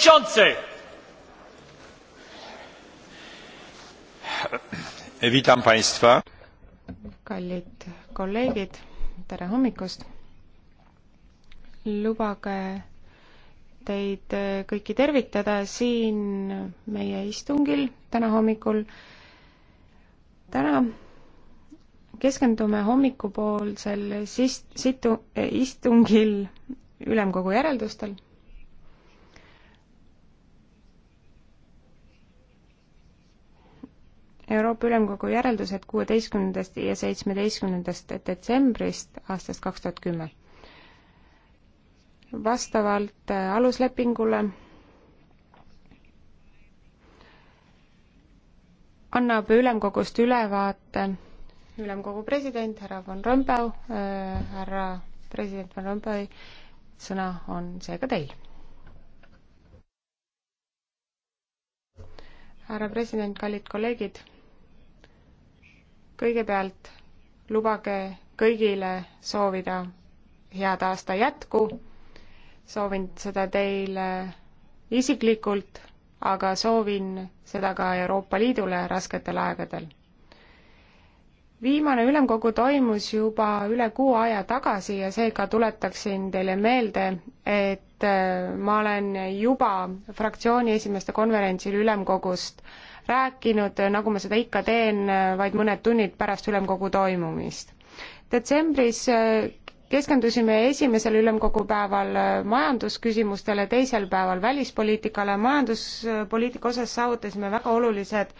przewodniczący! Witam państwa. Kallid kolleegid, tere hommikust. Lubage teid kõiki tervitada siin meie istungil täna hommikul. Täna keskendume hommikupoolsel sistu, istungil ülemkogu järeldustel Euroopa Ülemkogu järeldused kuueteistkümnendast ja seitsmeteistkümnendast detsembrist aastast kaks tuhat kümme. vastavalt äh, aluslepingule annab ülemkogust ülevaate ülemkogu president härra Von Rompuy, äh, härra president Van Rompuy, sõna on seega teil. härra president, kallid kolleegid kõigepealt lubage kõigile soovida head aasta jätku, soovin seda teile isiklikult, aga soovin seda ka Euroopa Liidule rasketel aegadel. viimane ülemkogu toimus juba üle kuu aja tagasi ja seega tuletaksin teile meelde, et ma olen juba fraktsiooni esimeeste konverentsil ülemkogust rääkinud, nagu ma seda ikka teen, vaid mõned tunnid pärast ülemkogu toimumist. detsembris äh, keskendusime esimesel ülemkogu päeval äh, majandusküsimustele, teisel päeval välispoliitikale, majanduspoliitika osas saavutasime väga olulised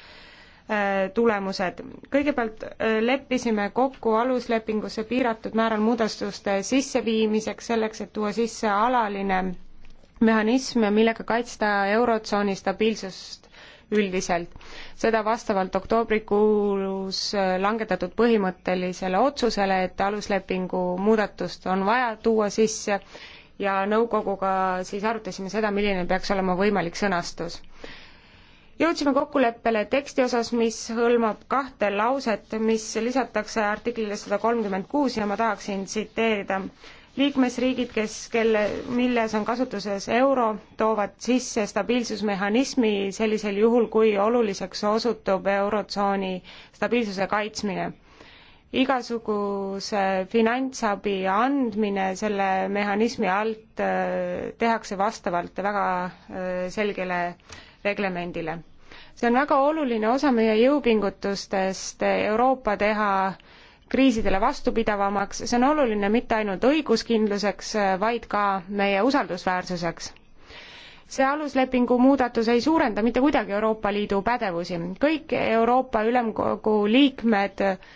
äh, tulemused. kõigepealt leppisime kokku aluslepingusse piiratud määral muudatuste sisseviimiseks, selleks et tuua sisse alaline mehhanism, millega kaitsta Eurotsooni stabiilsust üldiselt. seda vastavalt oktoobrikuus äh, langetatud põhimõttelisele otsusele, et aluslepingu muudatust on vaja tuua sisse ja nõukoguga siis arutasime seda, milline peaks olema võimalik sõnastus jõudsime kokkuleppele teksti osas, mis hõlmab kahte lauset, mis lisatakse artiklile sada kolmkümmend kuus ja ma tahaksin tsiteerida liikmesriigid, kes, kelle, milles on kasutuses euro, toovad sisse stabiilsusmehhanismi sellisel juhul, kui oluliseks osutub eurotsooni stabiilsuse kaitsmine. igasuguse finantsabi andmine selle mehhanismi alt äh, tehakse vastavalt väga äh, selgele reglemendile. see on väga oluline osa meie jõupingutustest Euroopa teha kriisidele vastupidavamaks, see on oluline mitte ainult õiguskindluseks, vaid ka meie usaldusväärsuseks. see aluslepingu muudatus ei suurenda mitte kuidagi Euroopa Liidu pädevusi, kõik Euroopa Ülemkogu liikmed äh,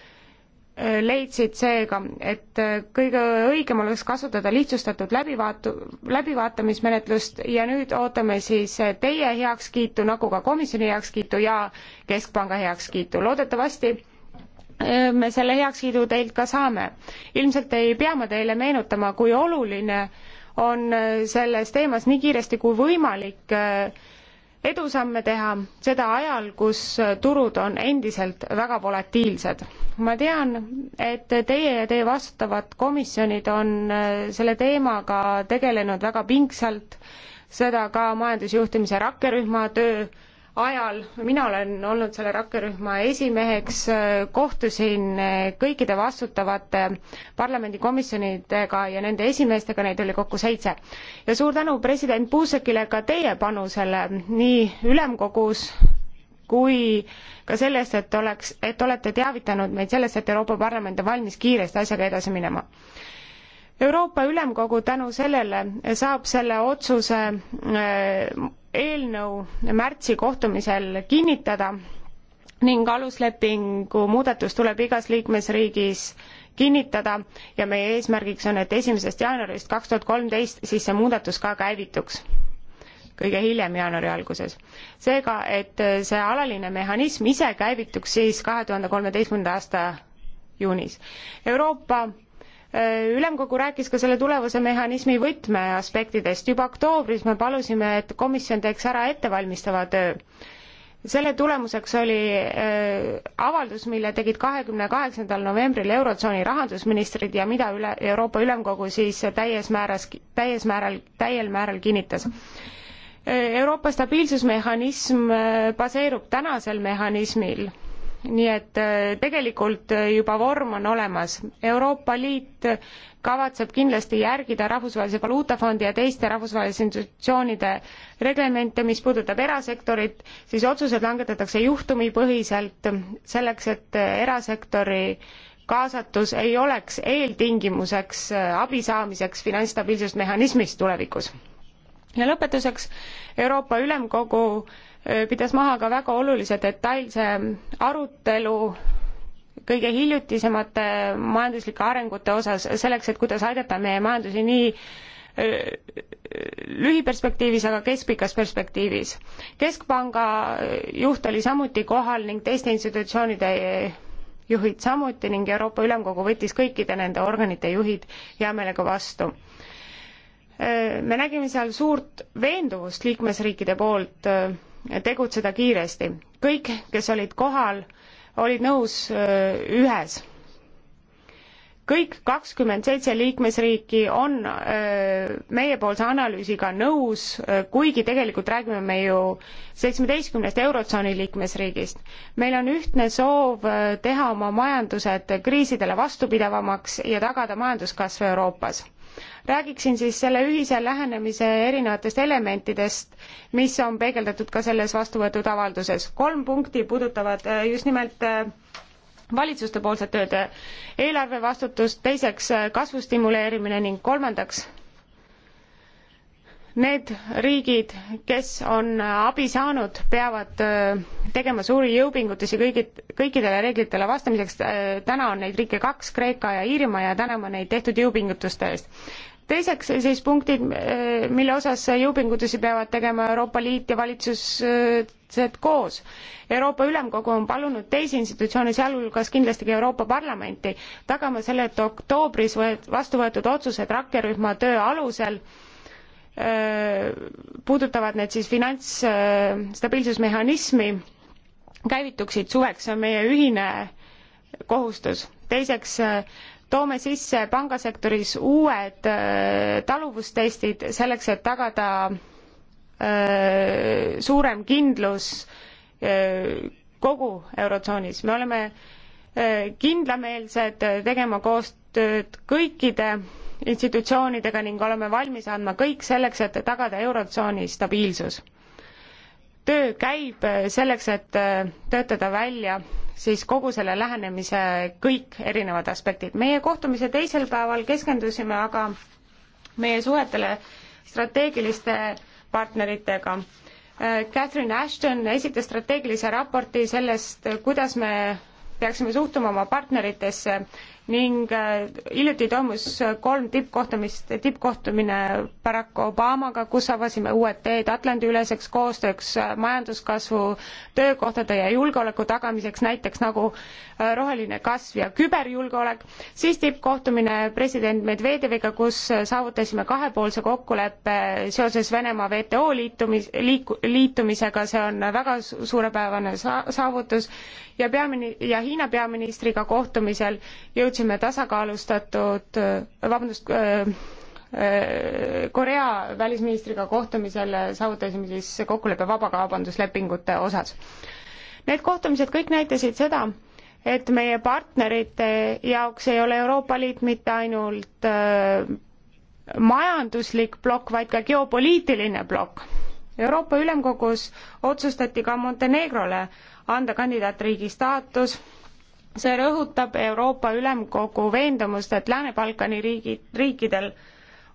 leidsid seega, et äh, kõige õigem oleks kasutada lihtsustatud läbivaatu, läbivaatamismenetlust ja nüüd ootame siis äh, teie heakskiitu, nagu ka komisjoni heakskiitu ja Keskpanga heakskiitu. loodetavasti Äh, me selle heakskiidu teilt ka saame. ilmselt ei pea ma teile meenutama, kui oluline on äh, selles teemas nii kiiresti kui võimalik äh, edusamme teha, seda ajal, kus turud on endiselt väga volatiilsed. ma tean, et teie ja teie vastutavad komisjonid on selle teemaga tegelenud väga pingsalt, seda ka majandusjuhtimise rakkerühma töö ajal, mina olen olnud selle rakkerühma esimeheks, kohtusin kõikide vastutavate parlamendikomisjonidega ja nende esimeestega, neid oli kokku seitse. ja suur tänu president Buzekile ka teie panusele nii ülemkogus kui ka sellest, et oleks, et olete teavitanud meid sellest, et Euroopa Parlament on valmis kiiresti asjaga edasi minema. Euroopa Ülemkogu tänu sellele saab selle otsuse äh, eelnõu märtsi kohtumisel kinnitada ning aluslepingu muudatus tuleb igas liikmesriigis kinnitada ja meie eesmärgiks on, et esimesest jaanuarist kaks tuhat kolmteist siis see muudatus ka käivituks, kõige hiljem jaanuari alguses. seega, et see alaline mehhanism ise käivituks siis kahe tuhande kolmeteistkümnenda aasta juunis. Euroopa Äh, ülemkogu rääkis ka selle tulevuse mehhanismi võtmeaspektidest. juba oktoobris me palusime, et komisjon teeks ära ettevalmistava töö. selle tulemuseks oli äh, avaldus, mille tegid kahekümne kaheksandal novembril Eurotsooni rahandusministrid ja mida üle, Euroopa Ülemkogu siis täies määras, täies määral, täiel määral kinnitas äh, Euroopa stabiilsusmehhanism baseerub tänasel mehhanismil nii et äh, tegelikult äh, juba vorm on olemas. Euroopa Liit kavatseb kindlasti järgida Rahvusvahelise Valuutafondi ja teiste rahvusvaheliste institutsioonide reglemente, mis puudutab erasektorit, siis otsused langetatakse juhtumipõhiselt, selleks et äh, erasektori kaasatus ei oleks eeltingimuseks abi saamiseks finantsstabiilsusmehhanismist tulevikus. ja lõpetuseks Euroopa Ülemkogu Äh, pidas maha ka väga olulise detailse arutelu kõige hiljutisemate majanduslike arengute osas selleks, et kuidas aidata meie majandusi nii äh, lühiperspektiivis, aga keskpikas perspektiivis. keskpanga juht oli samuti kohal ning teiste institutsioonide juhid samuti ning Euroopa Ülemkogu võttis kõikide nende organite juhid hea meelega vastu. Äh, me nägime seal suurt veenduvust liikmesriikide poolt tegutseda kiiresti. kõik, kes olid kohal, olid nõus ühes. kõik kakskümmend seitse liikmesriiki on meiepoolse analüüsiga nõus, kuigi tegelikult räägime me ju seitsmeteistkümnest Eurotsooni liikmesriigist. meil on ühtne soov teha oma majandused kriisidele vastupidavamaks ja tagada majanduskasv Euroopas räägiksin siis selle ühise lähenemise erinevatest elementidest, mis on peegeldatud ka selles vastuvõetud avalduses. kolm punkti puudutavad äh, just nimelt äh, valitsustepoolset tööd, eelarve vastutust, teiseks äh, kasvu stimuleerimine ning kolmandaks need riigid, kes on abi saanud, peavad äh, tegema suuri jõupingutusi kõigi, kõikidele reeglitele vastamiseks. Äh, täna on neid riike kaks, Kreeka ja Iirimaa ja täname neid tehtud jõupingutuste eest. teiseks siis punktid, äh, mille osas jõupingutusi peavad tegema Euroopa Liit ja valitsused koos. Euroopa Ülemkogu on palunud teisi institutsioone, sealhulgas kindlasti ka Euroopa Parlamenti, tagama selle, et oktoobris võet-, vastu võetud otsused rakkerühma töö alusel Äh, puudutavad need siis finantsstabiilsusmehhanismi, äh, käivituksid suveks, see on meie ühine kohustus. teiseks, äh, toome sisse pangasektoris uued taluvustestid selleks, et tagada suurem kindlus kogu Eurotsoonis. me oleme kindlameelsed tegema koostööd kõikide institutsioonidega ning oleme valmis andma kõik selleks, et tagada Eurotsooni stabiilsus. töö käib selleks, et töötada välja siis kogu selle lähenemise kõik erinevad aspektid. meie kohtumise teisel päeval keskendusime aga meie suhetele strateegiliste partneritega Catherine Ashton esitas strateegilise raporti sellest, kuidas me peaksime suhtuma oma partneritesse ning äh, hiljuti toimus kolm tippkohtumist, tippkohtumine Barack Obamaga, kus avasime uued teed Atlandi-üleseks koostööks äh, majanduskasvu, töökohtade ja julgeoleku tagamiseks, näiteks nagu äh, roheline kasv ja küberjulgeolek, siis tippkohtumine president Medvedjeviga, kus saavutasime kahepoolse kokkuleppe seoses Venemaa WTO liitumis, liiku-, liitumisega, see on väga suurepäevane sa-, saavutus, ja peamini-, ja Hiina peaministriga kohtumisel jõudsime jõudsime tasakaalustatud, vabandust, äh, äh, Korea välisministriga kohtumisel saavutasime siis kokkuleppe vabakaubanduslepingute osas. Need kohtumised kõik näitasid seda, et meie partnerite jaoks ei ole Euroopa Liit mitte ainult äh, majanduslik plokk, vaid ka geopoliitiline plokk. Euroopa Ülemkogus otsustati ka Montenegrole anda kandidaatriigi staatus see rõhutab Euroopa Ülemkogu veendumust, et Lääne-Balkani riigid, riikidel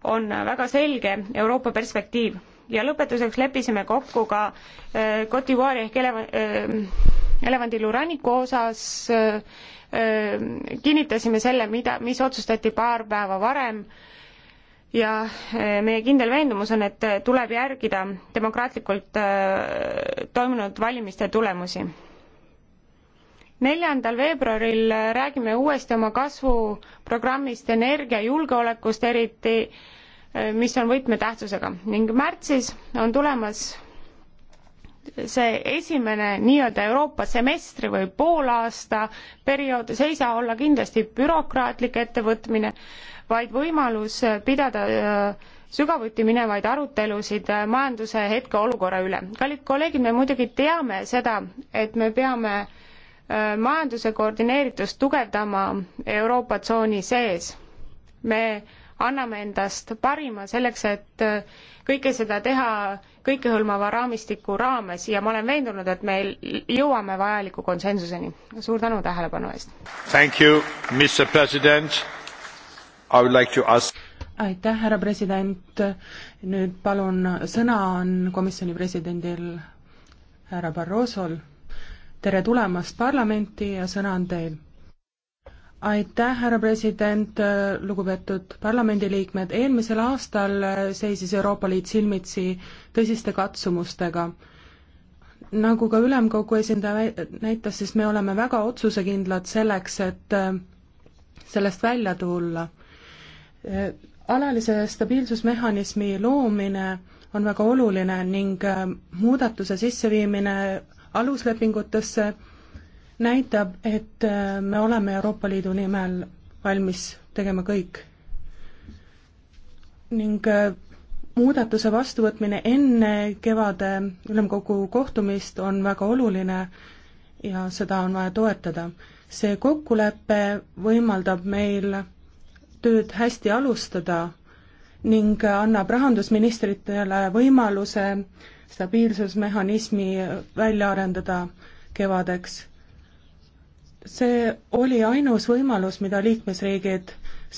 on väga selge Euroopa perspektiiv. ja lõpetuseks leppisime kokku ka äh, Cote d'Ivoire'i ehk eleva- äh,, elevandiluu ranniku osas äh,, äh, kinnitasime selle, mida, mis otsustati paar päeva varem ja äh, meie kindel veendumus on, et tuleb järgida demokraatlikult äh, toimunud valimiste tulemusi neljandal veebruaril räägime uuesti oma kasvuprogrammist energiajulgeolekust eriti, mis on võtmetähtsusega ning märtsis on tulemas see esimene nii-öelda Euroopa semestri või poolaasta periood, see ei saa olla kindlasti bürokraatlik ettevõtmine, vaid võimalus pidada äh, sügavuti minevaid arutelusid äh, majanduse hetkeolukorra üle. kallid kolleegid, me muidugi teame seda, et me peame äh, Äh, majanduse koordineeritust tugevdama Euroopa tsooni sees. me anname endast parima selleks, et äh, kõike seda teha kõikehõlmava raamistiku raames ja ma olen veendunud, et me jõuame vajaliku konsensuseni. suur tänu tähelepanu eest! Like ask... aitäh, härra president, nüüd palun, sõna on komisjoni presidendil härra Barrosol tere tulemast parlamenti ja sõna on teil. aitäh, härra president, lugupeetud parlamendiliikmed, eelmisel aastal seisis Euroopa Liit silmitsi tõsiste katsumustega. nagu ka ülemkogu esindaja näitas, siis me oleme väga otsusekindlad selleks, et sellest välja tulla. alalise stabiilsusmehhanismi loomine on väga oluline ning muudatuse sisseviimine aluslepingutesse, näitab, et äh, me oleme Euroopa Liidu nimel valmis tegema kõik. ning äh, muudatuse vastuvõtmine enne kevade ülemkogu kohtumist on väga oluline ja seda on vaja toetada. see kokkulepe võimaldab meil tööd hästi alustada ning annab rahandusministritele võimaluse stabiilsusmehhanismi välja arendada kevadeks. see oli ainus võimalus, mida liikmesriigid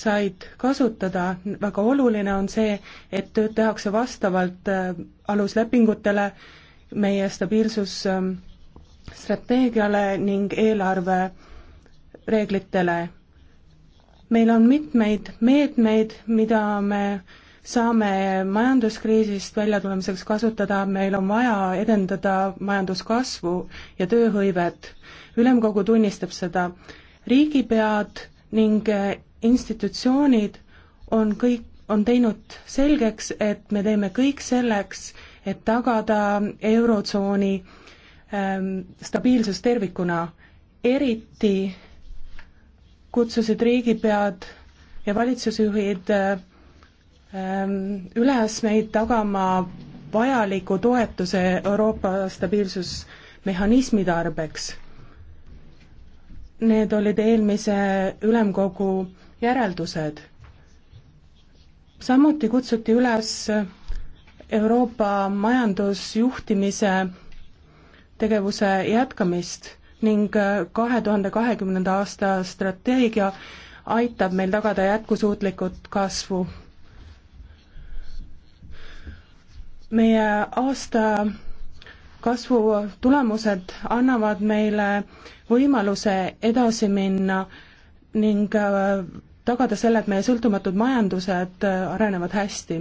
said kasutada, väga oluline on see, et tööd tehakse vastavalt äh, aluslepingutele, meie stabiilsusstrateegiale ähm, ning eelarvereeglitele. meil on mitmeid meetmeid, mida me saame majanduskriisist väljatulemiseks kasutada, meil on vaja edendada majanduskasvu ja tööhõivet. ülemkogu tunnistab seda. riigipead ning institutsioonid on kõik, on teinud selgeks, et me teeme kõik selleks, et tagada Eurotsooni ähm, stabiilsus tervikuna. eriti kutsusid riigipead ja valitsusjuhid äh, Ehm, üles meid tagama vajaliku toetuse Euroopa stabiilsusmehhanismi tarbeks. Need olid eelmise ülemkogu järeldused. samuti kutsuti üles Euroopa majandusjuhtimise tegevuse jätkamist ning kahe tuhande kahekümnenda aasta strateegia aitab meil tagada jätkusuutlikut kasvu meie aasta kasvu tulemused annavad meile võimaluse edasi minna ning äh, tagada selle, et meie sõltumatud majandused äh, arenevad hästi.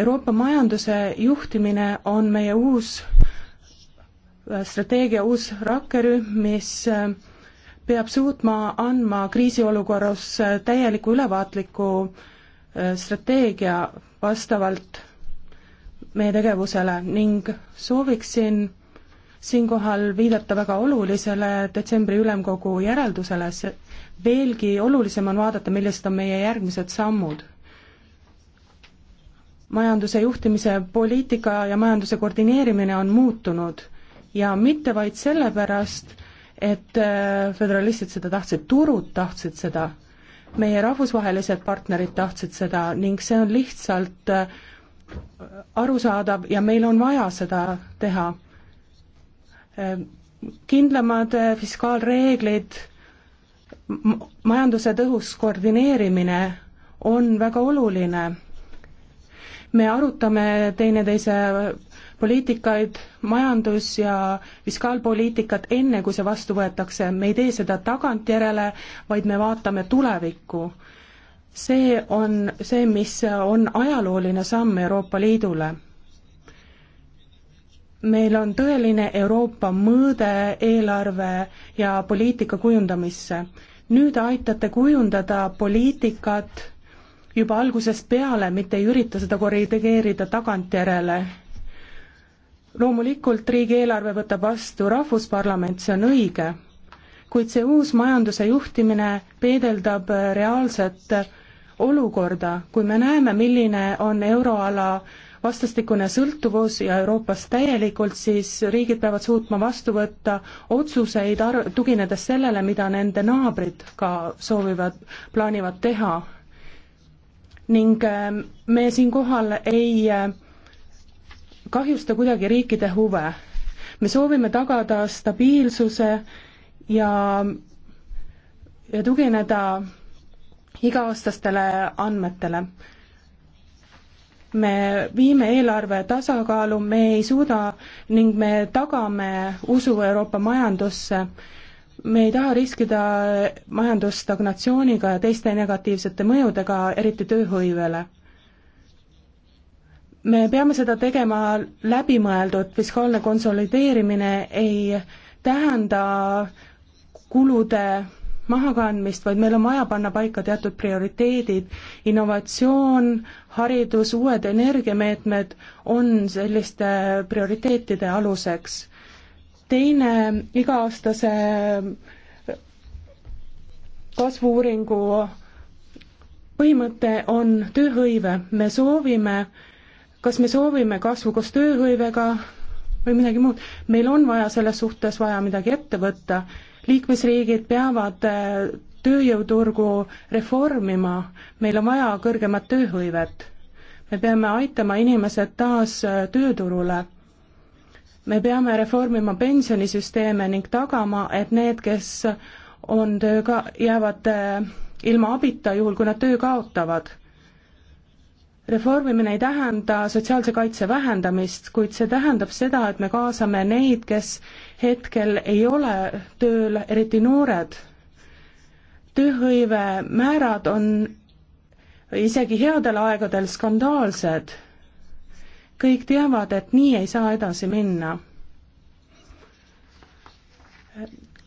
Euroopa majanduse juhtimine on meie uus äh, strateegia uus rakkerühm, mis peab suutma andma kriisiolukorras täieliku ülevaatliku strateegia vastavalt meie tegevusele ning sooviksin siinkohal viidata väga olulisele detsembri ülemkogu järeldusele, veelgi olulisem on vaadata, millised on meie järgmised sammud. majanduse juhtimise poliitika ja majanduse koordineerimine on muutunud ja mitte vaid sellepärast, et äh, föderalistid seda tahtsid, turud tahtsid seda, meie rahvusvahelised partnerid tahtsid seda ning see on lihtsalt äh, arusaadav ja meil on vaja seda teha. kindlamad fiskaalreeglid, majanduse tõhus koordineerimine on väga oluline. me arutame teineteise poliitikaid, majandus- ja fiskaalpoliitikat enne, kui see vastu võetakse, me ei tee seda tagantjärele, vaid me vaatame tulevikku see on see, mis on ajalooline samm Euroopa Liidule. meil on tõeline Euroopa mõõde eelarve ja poliitika kujundamisse. nüüd aitate kujundada poliitikat juba algusest peale, mitte ei ürita seda korrigeerida tagantjärele. loomulikult riigieelarve võtab vastu Rahvusparlament, see on õige, kuid see uus majanduse juhtimine peegeldab reaalset olukorda, kui me näeme, milline on euroala vastastikune sõltuvus ja Euroopas täielikult, siis riigid peavad suutma vastu võtta otsuseid ar-, tuginedes sellele, mida nende naabrid ka soovivad, plaanivad teha. ning ähm, me siinkohal ei äh, kahjusta kuidagi riikide huve. me soovime tagada stabiilsuse ja, ja tugineda iga-aastastele andmetele. me viime eelarve tasakaalu, me ei suuda ning me tagame usu Euroopa majandusse, me ei taha riskida majandusstagnatsiooniga ja teiste negatiivsete mõjudega, eriti tööhõivele me peame seda tegema läbimõeldud, fiskaalne konsolideerimine ei tähenda kulude mahakandmist, vaid meil on vaja panna paika teatud prioriteedid. innovatsioon, haridus, uued energiameetmed on selliste prioriteetide aluseks. teine iga-aastase kasvu-uuringu põhimõte on tööhõive, me soovime, kas me soovime kasvu koos tööhõivega või midagi muud, meil on vaja selles suhtes vaja midagi ette võtta liikmesriigid peavad äh, tööjõuturgu reformima, meil on vaja kõrgemat tööhõivet. me peame aitama inimesed taas äh, tööturule. me peame reformima pensionisüsteeme ning tagama, et need, kes on tööga, jäävad äh, ilma abita, juhul kui nad töö kaotavad reformimine ei tähenda sotsiaalse kaitse vähendamist, kuid see tähendab seda, et me kaasame neid, kes hetkel ei ole tööl, eriti noored. tööhõive määrad on isegi headel aegadel skandaalsed. kõik teavad, et nii ei saa edasi minna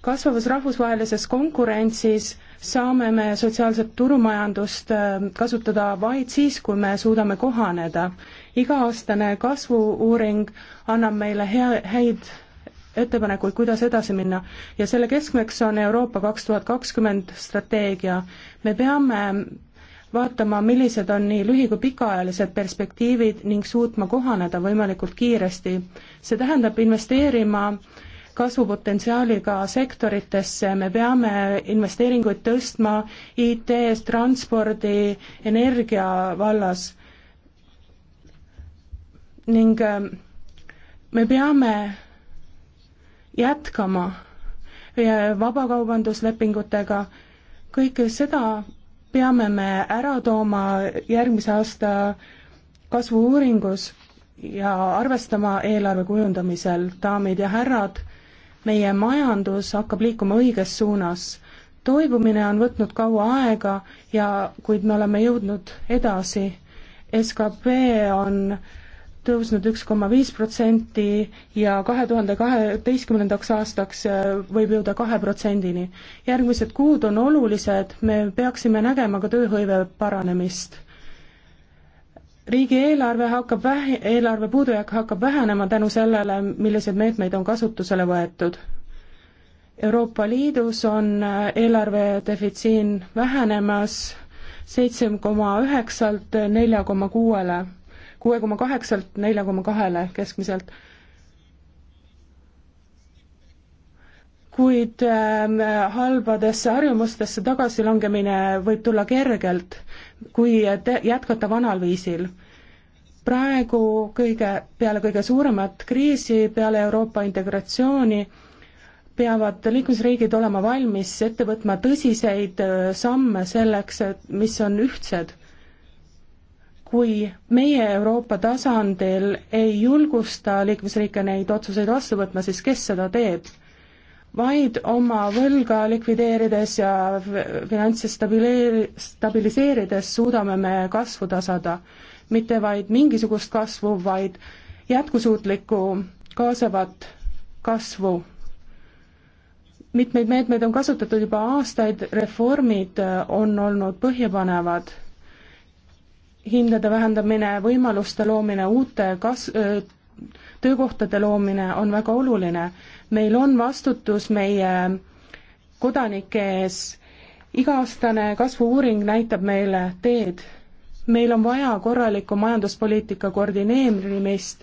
kasvavas rahvusvahelises konkurentsis saame me sotsiaalset turumajandust äh, kasutada vaid siis, kui me suudame kohaneda. iga-aastane kasvu-uuring annab meile hea, häid ettepanekuid, kuidas edasi minna ja selle keskmeks on Euroopa kaks tuhat kakskümmend strateegia. me peame vaatama, millised on nii lühi- kui pikaajalised perspektiivid ning suutma kohaneda võimalikult kiiresti. see tähendab investeerima äh, kasvupotentsiaaliga sektoritesse, me peame investeeringuid tõstma IT-s, transpordi, energia vallas ning ähm, me peame jätkama äh, vabakaubanduslepingutega, kõike seda peame me ära tooma järgmise aasta kasvu-uuringus ja arvestama eelarve kujundamisel, daamid ja härrad, meie majandus hakkab liikuma õiges suunas. toibumine on võtnud kaua aega ja kuid me oleme jõudnud edasi. skp on tõusnud üks koma viis protsenti ja kahe tuhande kaheteistkümnendaks aastaks äh, võib jõuda kahe protsendini. järgmised kuud on olulised, me peaksime nägema ka tööhõive paranemist riigieelarve hakkab vähe, eelarve puudujääk hakkab vähenema tänu sellele, milliseid meetmeid on kasutusele võetud. Euroopa Liidus on äh, eelarve defitsiin vähenemas seitse koma üheksalt nelja koma kuuele, kuue koma kaheksalt nelja koma kahele keskmiselt. kuid ähm, halbadesse harjumustesse tagasilangemine võib tulla kergelt kui te-, jätkata vanal viisil. praegu kõige, peale kõige suuremat kriisi, peale Euroopa integratsiooni, peavad liikmesriigid olema valmis ette võtma tõsiseid äh, samme selleks, et mis on ühtsed. kui meie Euroopa tasandil ei julgusta liikmesriike neid otsuseid vastu võtma, siis kes seda teeb? vaid oma võlga likvideerides ja finantse stabileeri-, stabiliseerides suudame me kasvu tasada. mitte vaid mingisugust kasvu, vaid jätkusuutlikku kaasavat kasvu. mitmeid meetmeid on kasutatud juba aastaid, reformid äh, on olnud põhjapanevad. hindade vähendamine, võimaluste loomine uute kas-, äh, töökohtade loomine on väga oluline. meil on vastutus meie kodanike ees, iga-aastane kasvu-uuring näitab meile teed. meil on vaja korralikku majanduspoliitika koordineerimist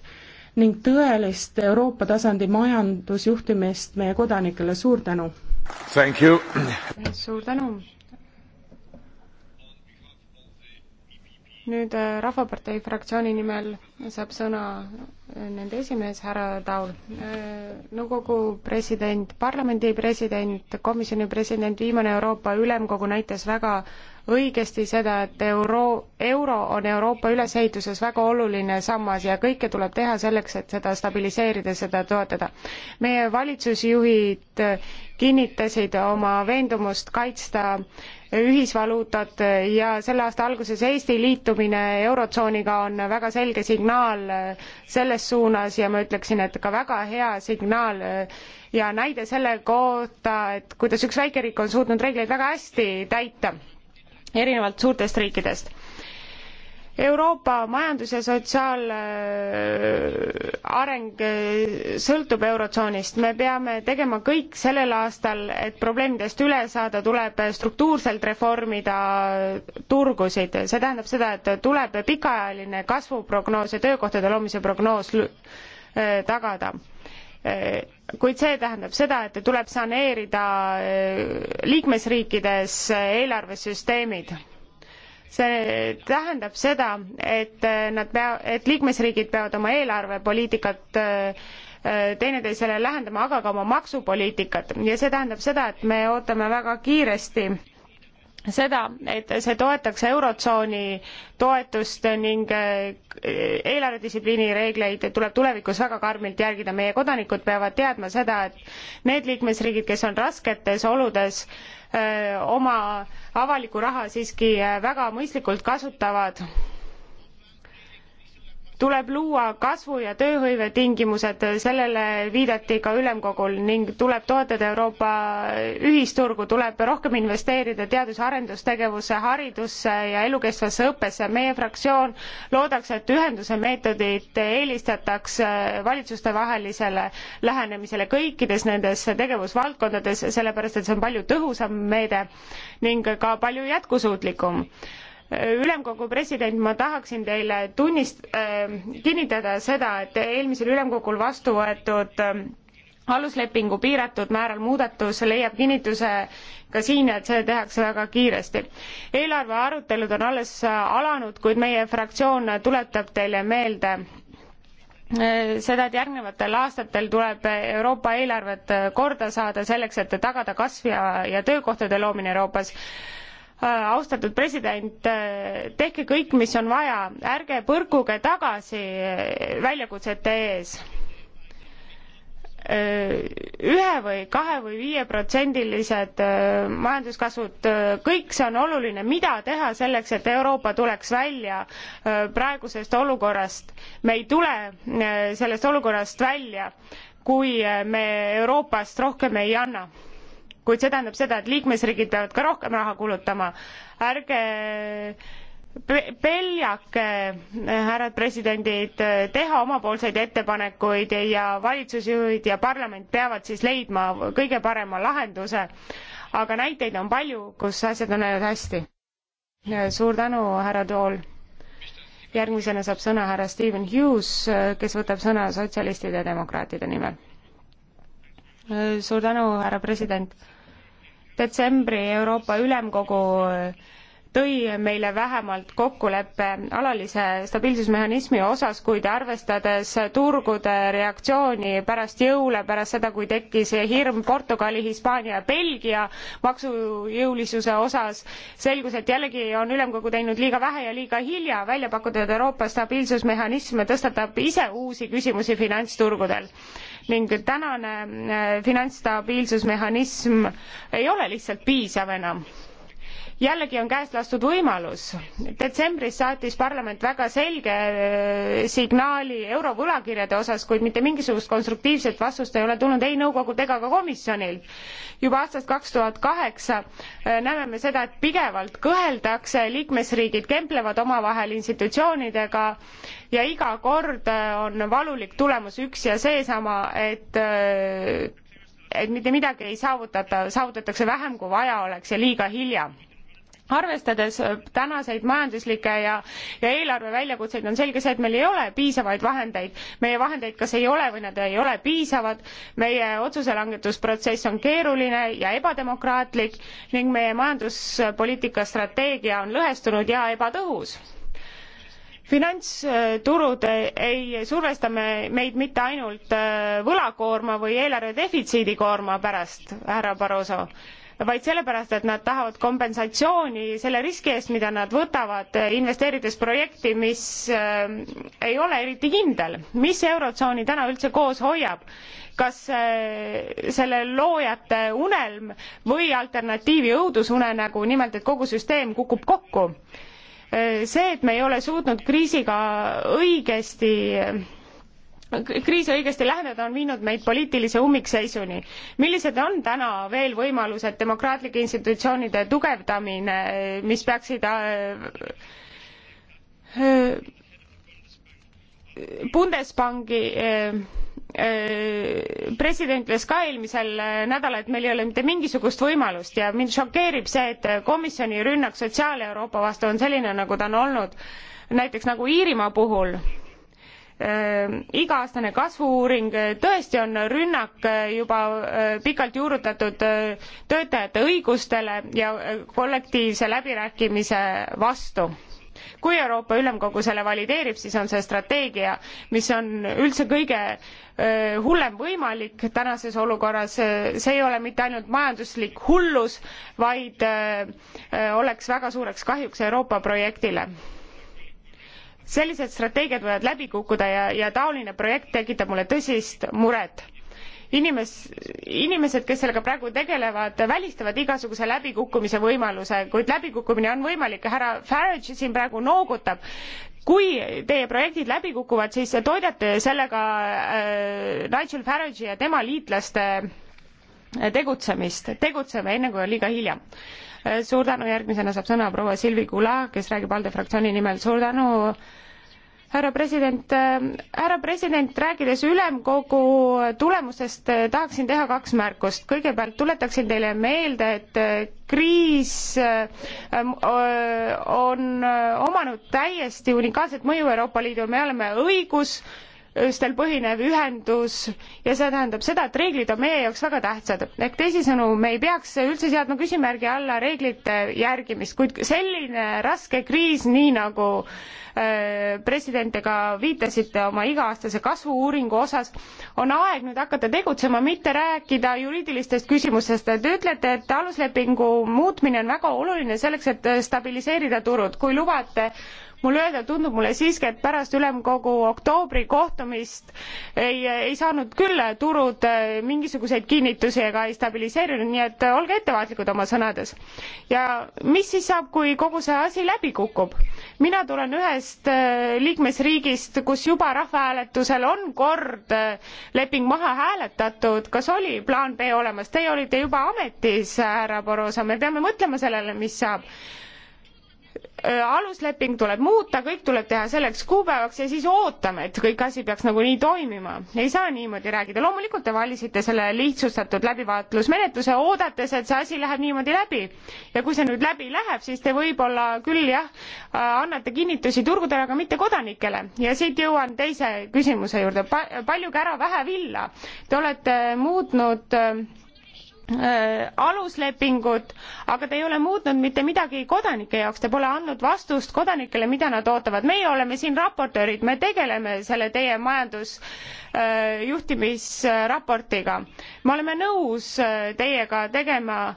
ning tõelist Euroopa tasandi majandusjuhtimist meie kodanikele, suur tänu! suur tänu! nüüd äh, Rahvapartei fraktsiooni nimel saab sõna nende esimees härra Taul, nõukogu president, parlamendi president, komisjoni president, viimane Euroopa Ülemkogu näitas väga õigesti seda, et euro, euro on Euroopa ülesehituses väga oluline sammas ja kõike tuleb teha selleks, et seda stabiliseerida, seda toetada. meie valitsusjuhid kinnitasid oma veendumust kaitsta ühisvaluutat ja selle aasta alguses Eesti liitumine Eurotsooniga on väga selge signaal selles suunas ja ma ütleksin, et ka väga hea signaal ja näide selle kohta, et kuidas üks väikeriik on suutnud reegleid väga hästi täita erinevalt suurtest riikidest Euroopa majandus ja sotsiaalareng äh, äh, sõltub Eurotsoonist. me peame tegema kõik sellel aastal, et probleemidest üle saada, tuleb struktuurselt reformida turgusid. see tähendab seda, et tuleb pikaajaline kasvuprognoos ja töökohtade loomise prognoos äh, tagada kuid see tähendab seda, et tuleb saneerida äh, liikmesriikides äh, eelarvesüsteemid. see tähendab seda, et äh, nad pea-, et liikmesriigid peavad oma eelarvepoliitikat teineteisele lähendama, aga ka oma maksupoliitikat ja see tähendab seda, et me ootame väga kiiresti seda, et see toetaks Eurotsooni toetust ning eh, eelarvedistsipliini reegleid tuleb tulevikus väga karmilt järgida. meie kodanikud peavad teadma seda, et need liikmesriigid, kes on rasketes oludes öö, eh, oma avalikku raha siiski eh, väga mõistlikult kasutavad, tuleb luua kasvu ja tööhõive tingimused, sellele viidati ka ülemkogul ning tuleb toetada Euroopa ühisturgu, tuleb rohkem investeerida teadus- ja arendustegevusse, haridusse ja elukestvasse õppesse. meie fraktsioon loodaks, et ühenduse meetodit eelistataks valitsustevahelisele lähenemisele kõikides nendes tegevusvaldkondades, sellepärast et see on palju tõhusam meede ning ka palju jätkusuutlikum ülemkogu president, ma tahaksin teile tunnist- äh,, kinnitada seda, et eelmisel ülemkogul vastu võetud äh, aluslepingu piiratud määral muudatus leiab kinnituse ka siin, et see tehakse väga kiiresti. eelarve arutelud on alles alanud, kuid meie fraktsioon tuletab teile meelde äh, seda, et järgnevatel aastatel tuleb Euroopa eelarvet korda saada selleks, et tagada kasv ja, ja töökohtade loomine Euroopas Äh, austatud president, äh, tehke kõik, mis on vaja, ärge põrkuge tagasi äh, väljakutsete ees ühe või kahe või viieprotsendilised majanduskasvud, kõik see on oluline, mida teha selleks, et Euroopa tuleks välja praegusest olukorrast. me ei tule sellest olukorrast välja, kui me Euroopast rohkem ei anna kuid see tähendab seda, et liikmesriigid peavad ka rohkem raha kulutama. ärge peljake, härrad presidendid, teha omapoolseid ettepanekuid ja valitsusjuhid ja parlament peavad siis leidma kõige parema lahenduse. aga näiteid on palju, kus asjad on läinud hästi. suur tänu, härra Tool järgmisena saab sõna härra Steven Hughes, kes võtab sõna sotsialistide ja demokraatide nimel. suur tänu, härra president detsembri Euroopa Ülemkogu tõi meile vähemalt kokkuleppe alalise stabiilsusmehhanismi osas, kuid arvestades turgude reaktsiooni pärast jõule, pärast seda, kui tekkis hirm Portugali, Hispaania ja Belgia maksujõulisuse osas, selgus, et jällegi on ülemkogu teinud liiga vähe ja liiga hilja, välja pakutud Euroopa stabiilsusmehhanism tõstatab ise uusi küsimusi finantsturgudel ning tänane äh, finantsstabiilsusmehhanism ei ole lihtsalt piisav enam jällegi on käest lastud võimalus. detsembris saatis parlament väga selge äh, signaali eurovõlakirjade osas, kuid mitte mingisugust konstruktiivset vastust ei ole tulnud ei nõukogult ega ka komisjonilt. juba aastast kaks tuhat kaheksa äh, näeme me seda, et pidevalt kõheldakse, liikmesriigid kemplevad omavahel institutsioonidega ja iga kord äh, on valulik tulemus üks ja seesama, et et mitte midagi ei saavutata, saavutatakse vähem kui vaja oleks ja liiga hilja arvestades äh, tänaseid majanduslikke ja, ja eelarve väljakutseid, on selge see, et meil ei ole piisavaid vahendeid. meie vahendeid kas ei ole või nad ei ole piisavad, meie otsuselangetusprotsess on keeruline ja ebademokraatlik ning meie majanduspoliitika strateegia on lõhestunud ja ebatõhus finantsturud ei survesta me, meid mitte ainult äh, võlakoorma või eelarve defitsiidikoorma pärast, härra Barroso vaid sellepärast, et nad tahavad kompensatsiooni selle riski eest, mida nad võtavad, eh, investeerides projekti, mis eh, ei ole eriti kindel. mis Eurotsooni täna üldse koos hoiab? kas eh, selle loojate unelm või alternatiivi õudusunenägu, nimelt et kogu süsteem kukub kokku? see, et me ei ole suutnud kriisiga õigesti kriise õigesti läheneda, on viinud meid poliitilise ummikseisuni. millised on täna veel võimalused demokraatlike institutsioonide tugevdamine, mis peaksid äh, äh, Bundesbanki äh, president ütles ka eelmisel nädalal, et meil ei ole mitte mingisugust võimalust ja mind šokeerib see, et komisjoni rünnak Sotsiaal-Euroopa vastu on selline, nagu ta on olnud, näiteks nagu Iirimaa puhul Äh, iga-aastane kasvu-uuring äh, tõesti on rünnak äh, juba pikalt juurutatud töötajate õigustele ja kollektiivse läbirääkimise vastu kui Euroopa Ülemkogu selle valideerib, siis on see strateegia, mis on üldse kõige hullem võimalik tänases olukorras, see ei ole mitte ainult majanduslik hullus, vaid oleks väga suureks kahjuks Euroopa projektile sellised strateegiad võivad läbi kukkuda ja, ja taoline projekt tekitab mulle tõsist muret. Inimes-, inimesed, kes sellega praegu tegelevad, välistavad igasuguse läbikukkumise võimaluse, kuid läbikukkumine on võimalik, härra Farage siin praegu noogutab. kui teie projektid läbi kukuvad, siis toidate sellega äh, Nigel Farage'i ja tema liitlaste tegutsemist, tegutseme enne, kui on liiga hilja suur tänu, järgmisena saab sõna proua Silvi Kula, kes räägib ALDE fraktsiooni nimel, suur tänu härra president, härra president, rääkides ülemkogu tulemustest, tahaksin teha kaks märkust. kõigepealt tuletaksin teile meelde, et kriis ähm, on äh, omanud täiesti unikaalset mõju Euroopa Liidul, me oleme õigus ühendustel põhinev ühendus ja see tähendab seda, et reeglid on meie jaoks väga tähtsad. ehk teisisõnu, me ei peaks üldse seadma küsimärgi alla reeglite järgimist, kuid selline raske kriis, nii nagu äh, president ja ka viitasite oma iga-aastase kasvu-uuringu osas, on aeg nüüd hakata tegutsema, mitte rääkida juriidilistest küsimustest. Te ütlete, et aluslepingu muutmine on väga oluline selleks, et stabiliseerida turud. kui lubate, mul öelda, tundub mulle siiski, et pärast ülemkogu oktoobri kohtumist ei, ei saanud küll turud äh, mingisuguseid kinnitusi ega ei stabiliseerunud, nii et äh, olge ettevaatlikud oma sõnades. ja mis siis saab, kui kogu see asi läbi kukub? mina tulen ühest äh, liikmesriigist, kus juba rahvahääletusel on kord leping maha hääletatud, kas oli plaan B olemas, teie olite juba ametis, härra Borosa, me peame mõtlema sellele, mis saab Äh, alusleping tuleb muuta, kõik tuleb teha selleks kuupäevaks ja siis ootame, et kõik asi peaks nagunii toimima. ei saa niimoodi rääkida, loomulikult te valisite selle lihtsustatud läbivaatlusmenetluse, oodates, et see asi läheb niimoodi läbi. ja kui see nüüd läbi läheb, siis te võib-olla küll jah, äh, annate kinnitusi turgudele, aga mitte kodanikele. ja siit jõuan teise küsimuse juurde pa, palju kära, vähe villa. Te olete muutnud äh, Äh, aluslepingut, aga te ei ole muutnud mitte midagi kodanike jaoks, te pole andnud vastust kodanikele, mida nad ootavad. meie oleme siin raportöörid, me tegeleme selle teie majandusjuhtimisraportiga. Äh, me oleme nõus äh, teiega tegema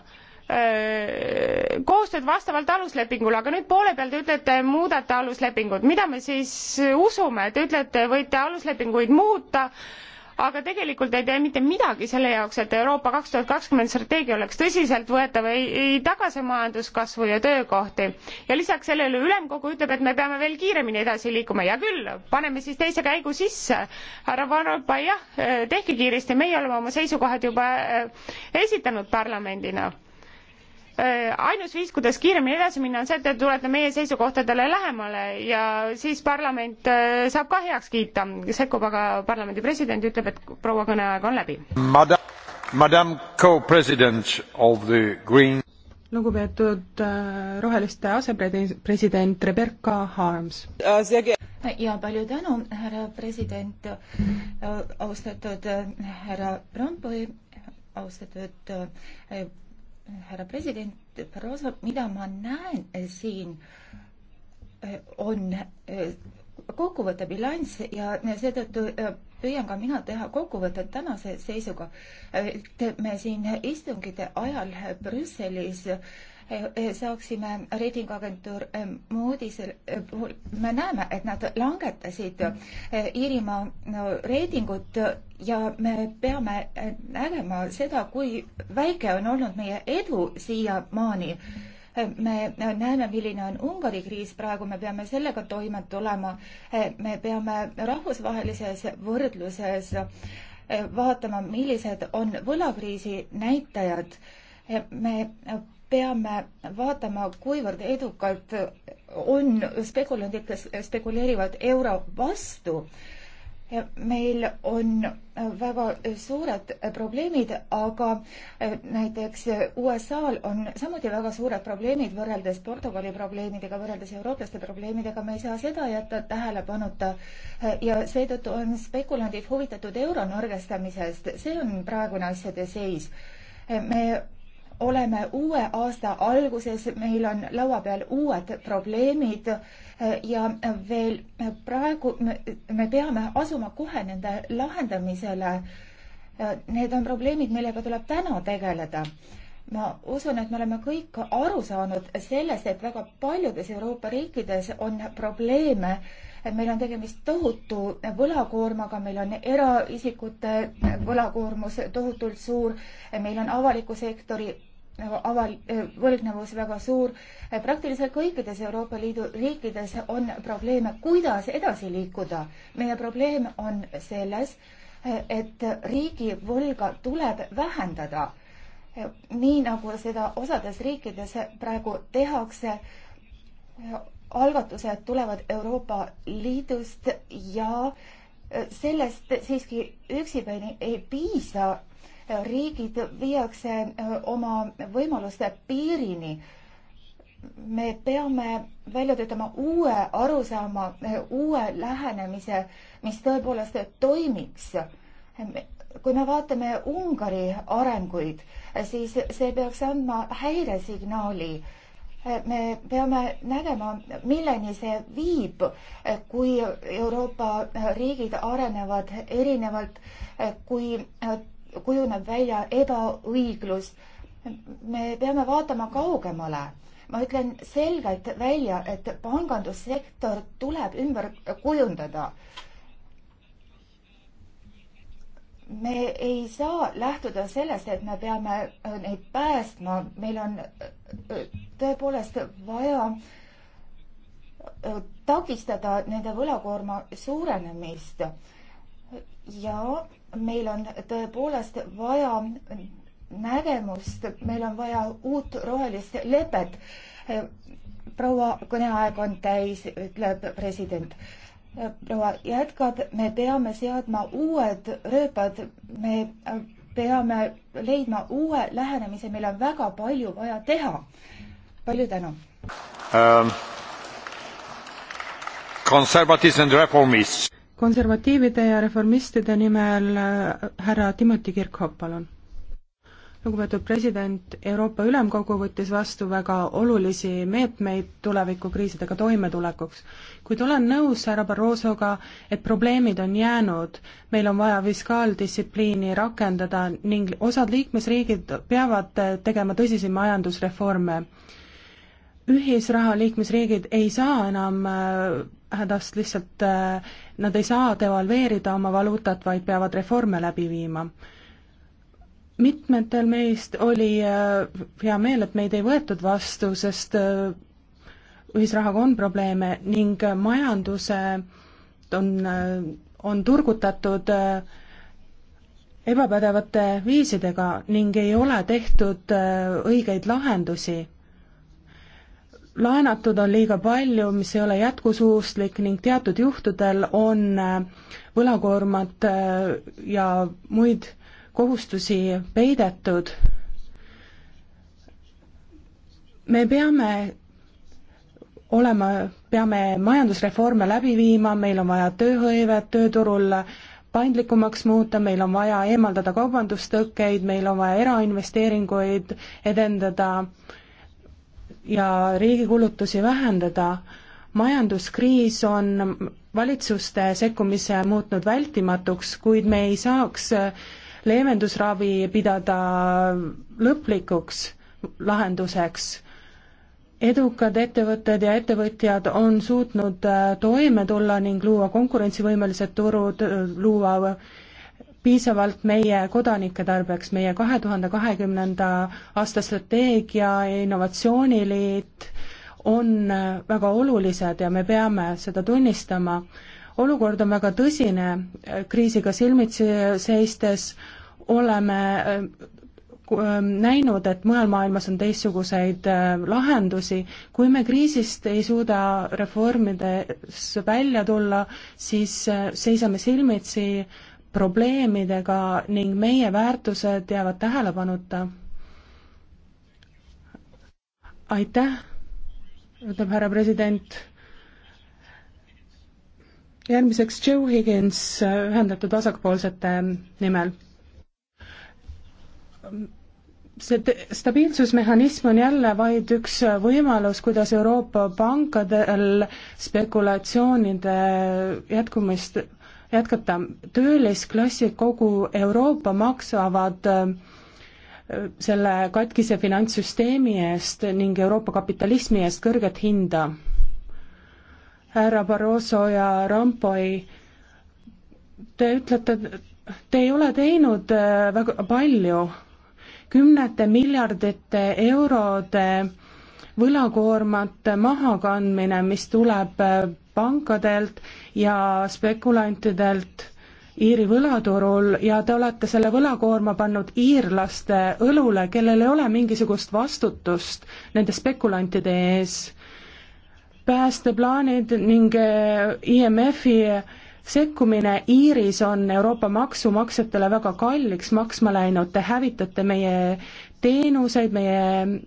koostööd vastavalt aluslepingule, aga nüüd poole peal te ütlete, muudate aluslepingut. mida me siis usume, te ütlete, võite aluslepinguid muuta aga tegelikult ei tee mitte midagi selle jaoks, et Euroopa kaks tuhat kakskümmend strateegia oleks tõsiseltvõetav, ei, ei taga see majanduskasvu ja töökohti. ja lisaks sellele ülemkogu ütleb, et me peame veel kiiremini edasi liikuma, hea küll, paneme siis teise käigu sisse. härra Van Rompuy, jah, tehke kiiresti, meie oleme oma seisukohad juba äh, esitanud parlamendina Äh, ainus viis, kuidas kiiremini edasi minna, on see, et te tulete meie seisukohtadele lähemale ja siis parlament äh, saab ka heaks kiita. sekkub aga parlamendi president, ütleb, et proua kõneaeg on läbi. Madam co-president of the Green lugupeetud äh, Roheliste asepresident Rebecca Harms. ja palju tänu, härra president, austatud härra Rompuy, austatud härra president Barroso, mida ma näen eh, siin, eh, on eh, kokkuvõtte bilanss ja seetõttu püüan ka mina teha kokkuvõtet tänase seisuga. et me siin istungite ajal Brüsselis eh, eh, saaksime reitinguagentuur eh, Moodisel puhul, me näeme, et nad langetasid Iirimaa reitingut ja me peame nägema seda, kui väike on olnud meie edu siiamaani me näeme, milline on Ungari kriis praegu, me peame sellega toime tulema. me peame rahvusvahelises võrdluses vaatama, millised on võlakriisi näitajad. me peame vaatama, kuivõrd edukalt on spekulandid, kes spekuleerivad euro vastu. meil on väga suured probleemid, aga äh, näiteks USA-l on samuti väga suured probleemid võrreldes Portugali probleemidega, võrreldes eurooplaste probleemidega, me ei saa seda jätta tähelepanuta. ja seetõttu on spekulandid huvitatud euro nõrgestamisest, see on praegune asjade seis. me oleme uue aasta alguses, meil on laua peal uued probleemid ja veel praegu me peame asuma kohe nende lahendamisele. Need on probleemid, millega tuleb täna tegeleda ma usun, et me oleme kõik aru saanud sellest, et väga paljudes Euroopa riikides on probleeme. meil on tegemist tohutu võlakoormaga, meil on eraisikute võlakoormus tohutult suur, meil on avaliku sektori aval-, eh, võlgnevus väga suur. Eh, praktiliselt kõikides Euroopa Liidu riikides on probleeme, kuidas edasi liikuda. meie probleem on selles, eh, et riigi võlga tuleb vähendada. nii nagu seda osades riikides praegu tehakse, algatused tulevad Euroopa Liidust ja sellest siiski üksipäini ei piisa riigid viiakse oma võimaluste piirini. me peame välja töötama uue arusaama, uue lähenemise, mis tõepoolest toimiks. kui me vaatame Ungari arenguid, siis see peaks andma häiresignaali me peame nägema, milleni see viib, kui Euroopa riigid arenevad erinevalt, kui kujuneb välja ebaõiglus. me peame vaatama kaugemale. ma ütlen selgelt välja, et pangandussektor tuleb ümber kujundada. me ei saa lähtuda sellest, et me peame äh, neid päästma, meil on äh, tõepoolest vaja äh, takistada nende võlakoorma suurenemist ja meil on tõepoolest vaja nägemust, meil on vaja uut rohelist lepet. proua, kõneaeg on täis, ütleb president. proua jätkab, me peame seadma uued rööpad, me peame leidma uue lähenemise, meil on väga palju vaja teha. palju tänu um,. Conservatives and reformists konservatiivide ja reformistide nimel äh, härra Timothy Kirkhoff, palun. lugupeetud president, Euroopa Ülemkogu võttis vastu väga olulisi meetmeid tulevikukriisidega toimetulekuks, kuid olen nõus härra Barrosoga, et probleemid on jäänud, meil on vaja fiskaaldistsipliini rakendada ning osad liikmesriigid peavad tegema tõsisi majandusreforme ühisraha liikmesriigid ei saa enam äh, hädast lihtsalt, äh, nad ei saa devalveerida oma valuutat, vaid peavad reforme läbi viima. mitmetel meist oli äh, hea meel, et meid ei võetud vastu, sest ühisrahaga on probleeme ning majanduse on, on turgutatud ebapädevate viisidega ning ei ole tehtud õigeid lahendusi laenatud on liiga palju, mis ei ole jätkusuuslik ning teatud juhtudel on äh, võlakoormad äh, ja muid kohustusi peidetud. me peame olema, peame majandusreforme läbi viima, meil on vaja tööhõivet tööturul paindlikumaks muuta, meil on vaja eemaldada kaubandustõkkeid, meil on vaja erainvesteeringuid edendada ja riigi kulutusi vähendada. majanduskriis on valitsuste sekkumise muutnud vältimatuks, kuid me ei saaks leevendusravi pidada lõplikuks lahenduseks edukad ettevõtted ja ettevõtjad on suutnud toime tulla ning luua konkurentsivõimelised turud, luua piisavalt meie kodanike tarbeks, meie kahe tuhande kahekümnenda aasta strateegia innovatsiooniliit on väga olulised ja me peame seda tunnistama. olukord on väga tõsine, kriisiga silmitsi seistes oleme ähm, näinud, et mujal maailmas on teistsuguseid äh, lahendusi, kui me kriisist ei suuda reformides välja tulla, siis äh, seisame silmitsi probleemidega ning meie väärtused jäävad tähelepanuta. aitäh, ütleb härra president. järgmiseks Joe Higgins Ühendatud Vasakpoolsete nimel. see stabiilsusmehhanism on jälle vaid üks võimalus, kuidas Euroopa pankadel spekulatsioonide jätkumist jätkata. töölisklassi kogu Euroopa maksavad äh, selle katkise finantssüsteemi eest ning Euroopa kapitalismi eest kõrget hinda. härra Barroso ja Rampoi, te ütlete, te ei ole teinud äh, väga palju, kümnete miljardite eurode võlakoormate mahakandmine, mis tuleb äh, pankadelt ja spekulantidelt Iiri võlaturul ja te olete selle võlakoorma pannud iirlaste õlule, kellel ei ole mingisugust vastutust nende spekulantide ees. päästeplaanid ning eh, IMF-i sekkumine Iiris on Euroopa maksumaksjatele väga kalliks maksma läinud, te hävitate meie teenuseid, meie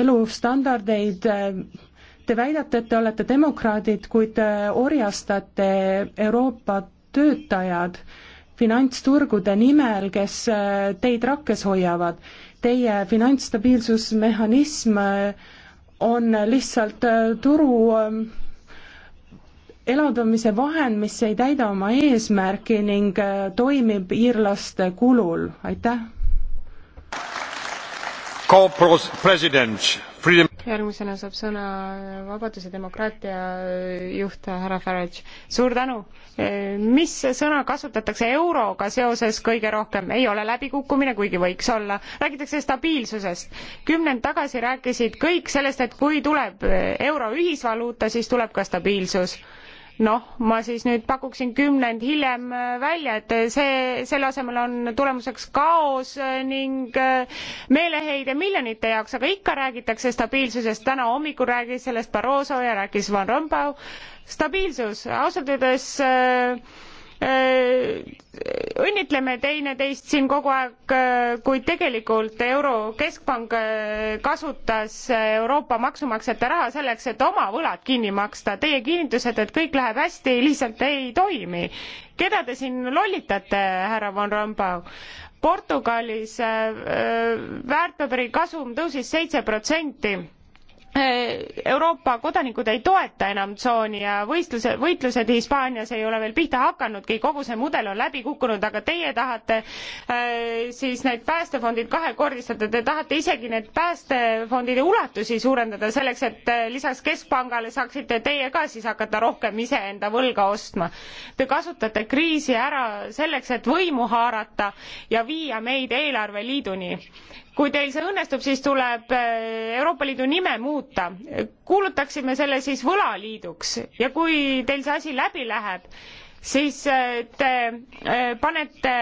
elustandardeid, eh, Te väidate, et te olete demokraadid, kuid te orjastate Euroopa töötajad finantsturgude nimel, kes äh, teid rakkes hoiavad. Teie finantsstabiilsusmehhanism äh, on lihtsalt äh, turu elavdamise vahend, mis ei täida oma eesmärki ning toimib iirlaste kulul, aitäh. Co-president, Freedom järgmisena saab sõna Vabaduse demokraatia juht härra Farage. suur tänu! mis sõna kasutatakse euroga seoses kõige rohkem? ei ole läbikukkumine, kuigi võiks olla. räägitakse stabiilsusest. kümnend tagasi rääkisid kõik sellest, et kui tuleb euro ühisvaluuta, siis tuleb ka stabiilsus noh, ma siis nüüd pakuksin kümnend hiljem äh, välja, et äh, see, selle asemel on tulemuseks kaos äh, ning meeleheide miljonite jaoks, aga ikka räägitakse stabiilsusest. täna hommikul räägis sellest Barroso ja rääkis Van Rompuy. stabiilsus ausalt öeldes äh, Äh, õnnitleme teineteist siin kogu aeg, äh, kuid tegelikult Euro Keskpank äh, kasutas Euroopa maksumaksjate raha selleks, et oma võlad kinni maksta. Teie kinnitused, et kõik läheb hästi, lihtsalt ei toimi. keda te siin lollitate, härra Von Rompau? Portugalis väärtpaberi kasum tõusis seitse protsenti Eh, Euroopa kodanikud ei toeta enam tsooni ja võistluse, võitlused Hispaanias ei ole veel pihta hakanudki, kogu see mudel on läbi kukkunud, aga teie tahate äh, siis need päästefondid kahekordistada, te tahate isegi need päästefondide ulatusi suurendada selleks, et äh, lisaks Keskpangale saaksite teie ka siis hakata rohkem iseenda võlga ostma. Te kasutate kriisi ära selleks, et võimu haarata ja viia meid eelarveliiduni kui teil see õnnestub, siis tuleb eh, Euroopa Liidu nime muuta. kuulutaksime selle siis võlaliiduks ja kui teil see asi läbi läheb, siis eh, te eh, panete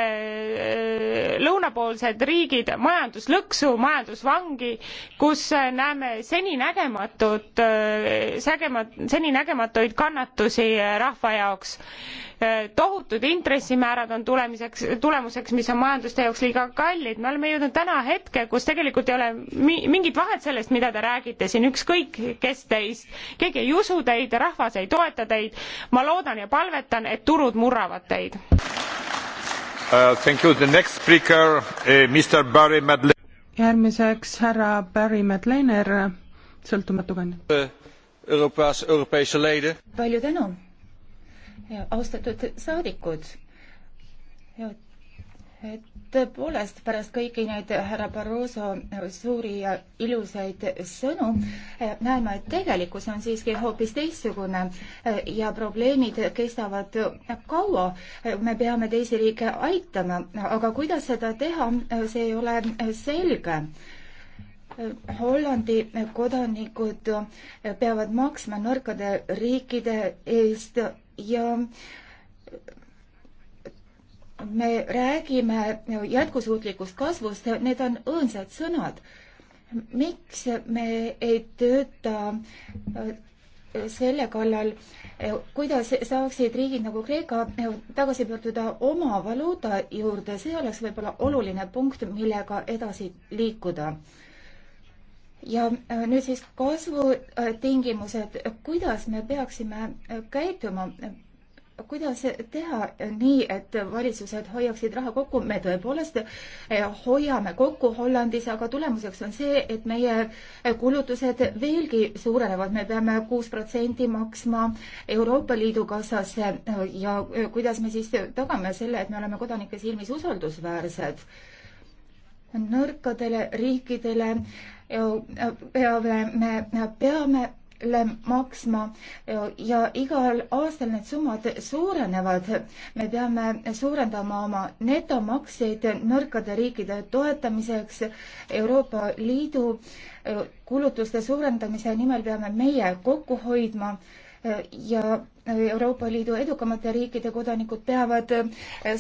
lõunapoolsed riigid majanduslõksu, majandusvangi, kus näeme seninägematut, sägemat-, seninägematuid kannatusi rahva jaoks Äh, tohutud intressimäärad on tulemiseks, tulemuseks, mis on majanduste jaoks liiga kallid. me oleme jõudnud täna hetke, kus tegelikult ei ole mi-, mingit vahet sellest, mida te räägite siin, ükskõik kes teist. keegi ei usu teid, rahvas ei toeta teid. ma loodan ja palvetan, et turud murravad teid uh,. Speaker, uh, järgmiseks härra Barry Madlener, sõltumatu kandidaat. Uh, Euroopa's, Europese leden. palju tänu austatud saadikud, tõepoolest pärast kõiki neid härra Barroso suuri ja ilusaid sõnu eh, näeme, et tegelikkus on siiski hoopis teistsugune eh, ja probleemid kestavad kaua. Eh, me peame teisi riike aitama, aga kuidas seda teha, see ei ole selge Hollandi kodanikud peavad maksma nõrkade riikide eest ja me räägime jätkusuutlikust kasvust, need on õõnsad sõnad. miks me ei tööta äh, selle kallal, äh, kuidas saaksid riigid nagu Kreeka äh, tagasi pöörduda oma valuuta juurde, see oleks võib-olla oluline punkt, millega edasi liikuda ja äh, nüüd siis kasvutingimused, kuidas me peaksime äh, käituma, kuidas teha nii, et valitsused hoiaksid raha kokku, me tõepoolest äh, hoiame kokku Hollandis, aga tulemuseks on see, et meie kulutused veelgi suurenevad, me peame kuus protsenti maksma Euroopa Liidu kassasse ja kuidas me siis tagame selle, et me oleme kodanike silmis usaldusväärsed nõrkadele riikidele äh, peame me äh, peame maksma äh, ja igal aastal need summad suurenevad. me peame suurendama oma netomakseid nõrkade riikide toetamiseks. Euroopa Liidu kulutuste suurendamise nimel peame meie kokku hoidma ja Euroopa Liidu edukamate riikide kodanikud peavad äh,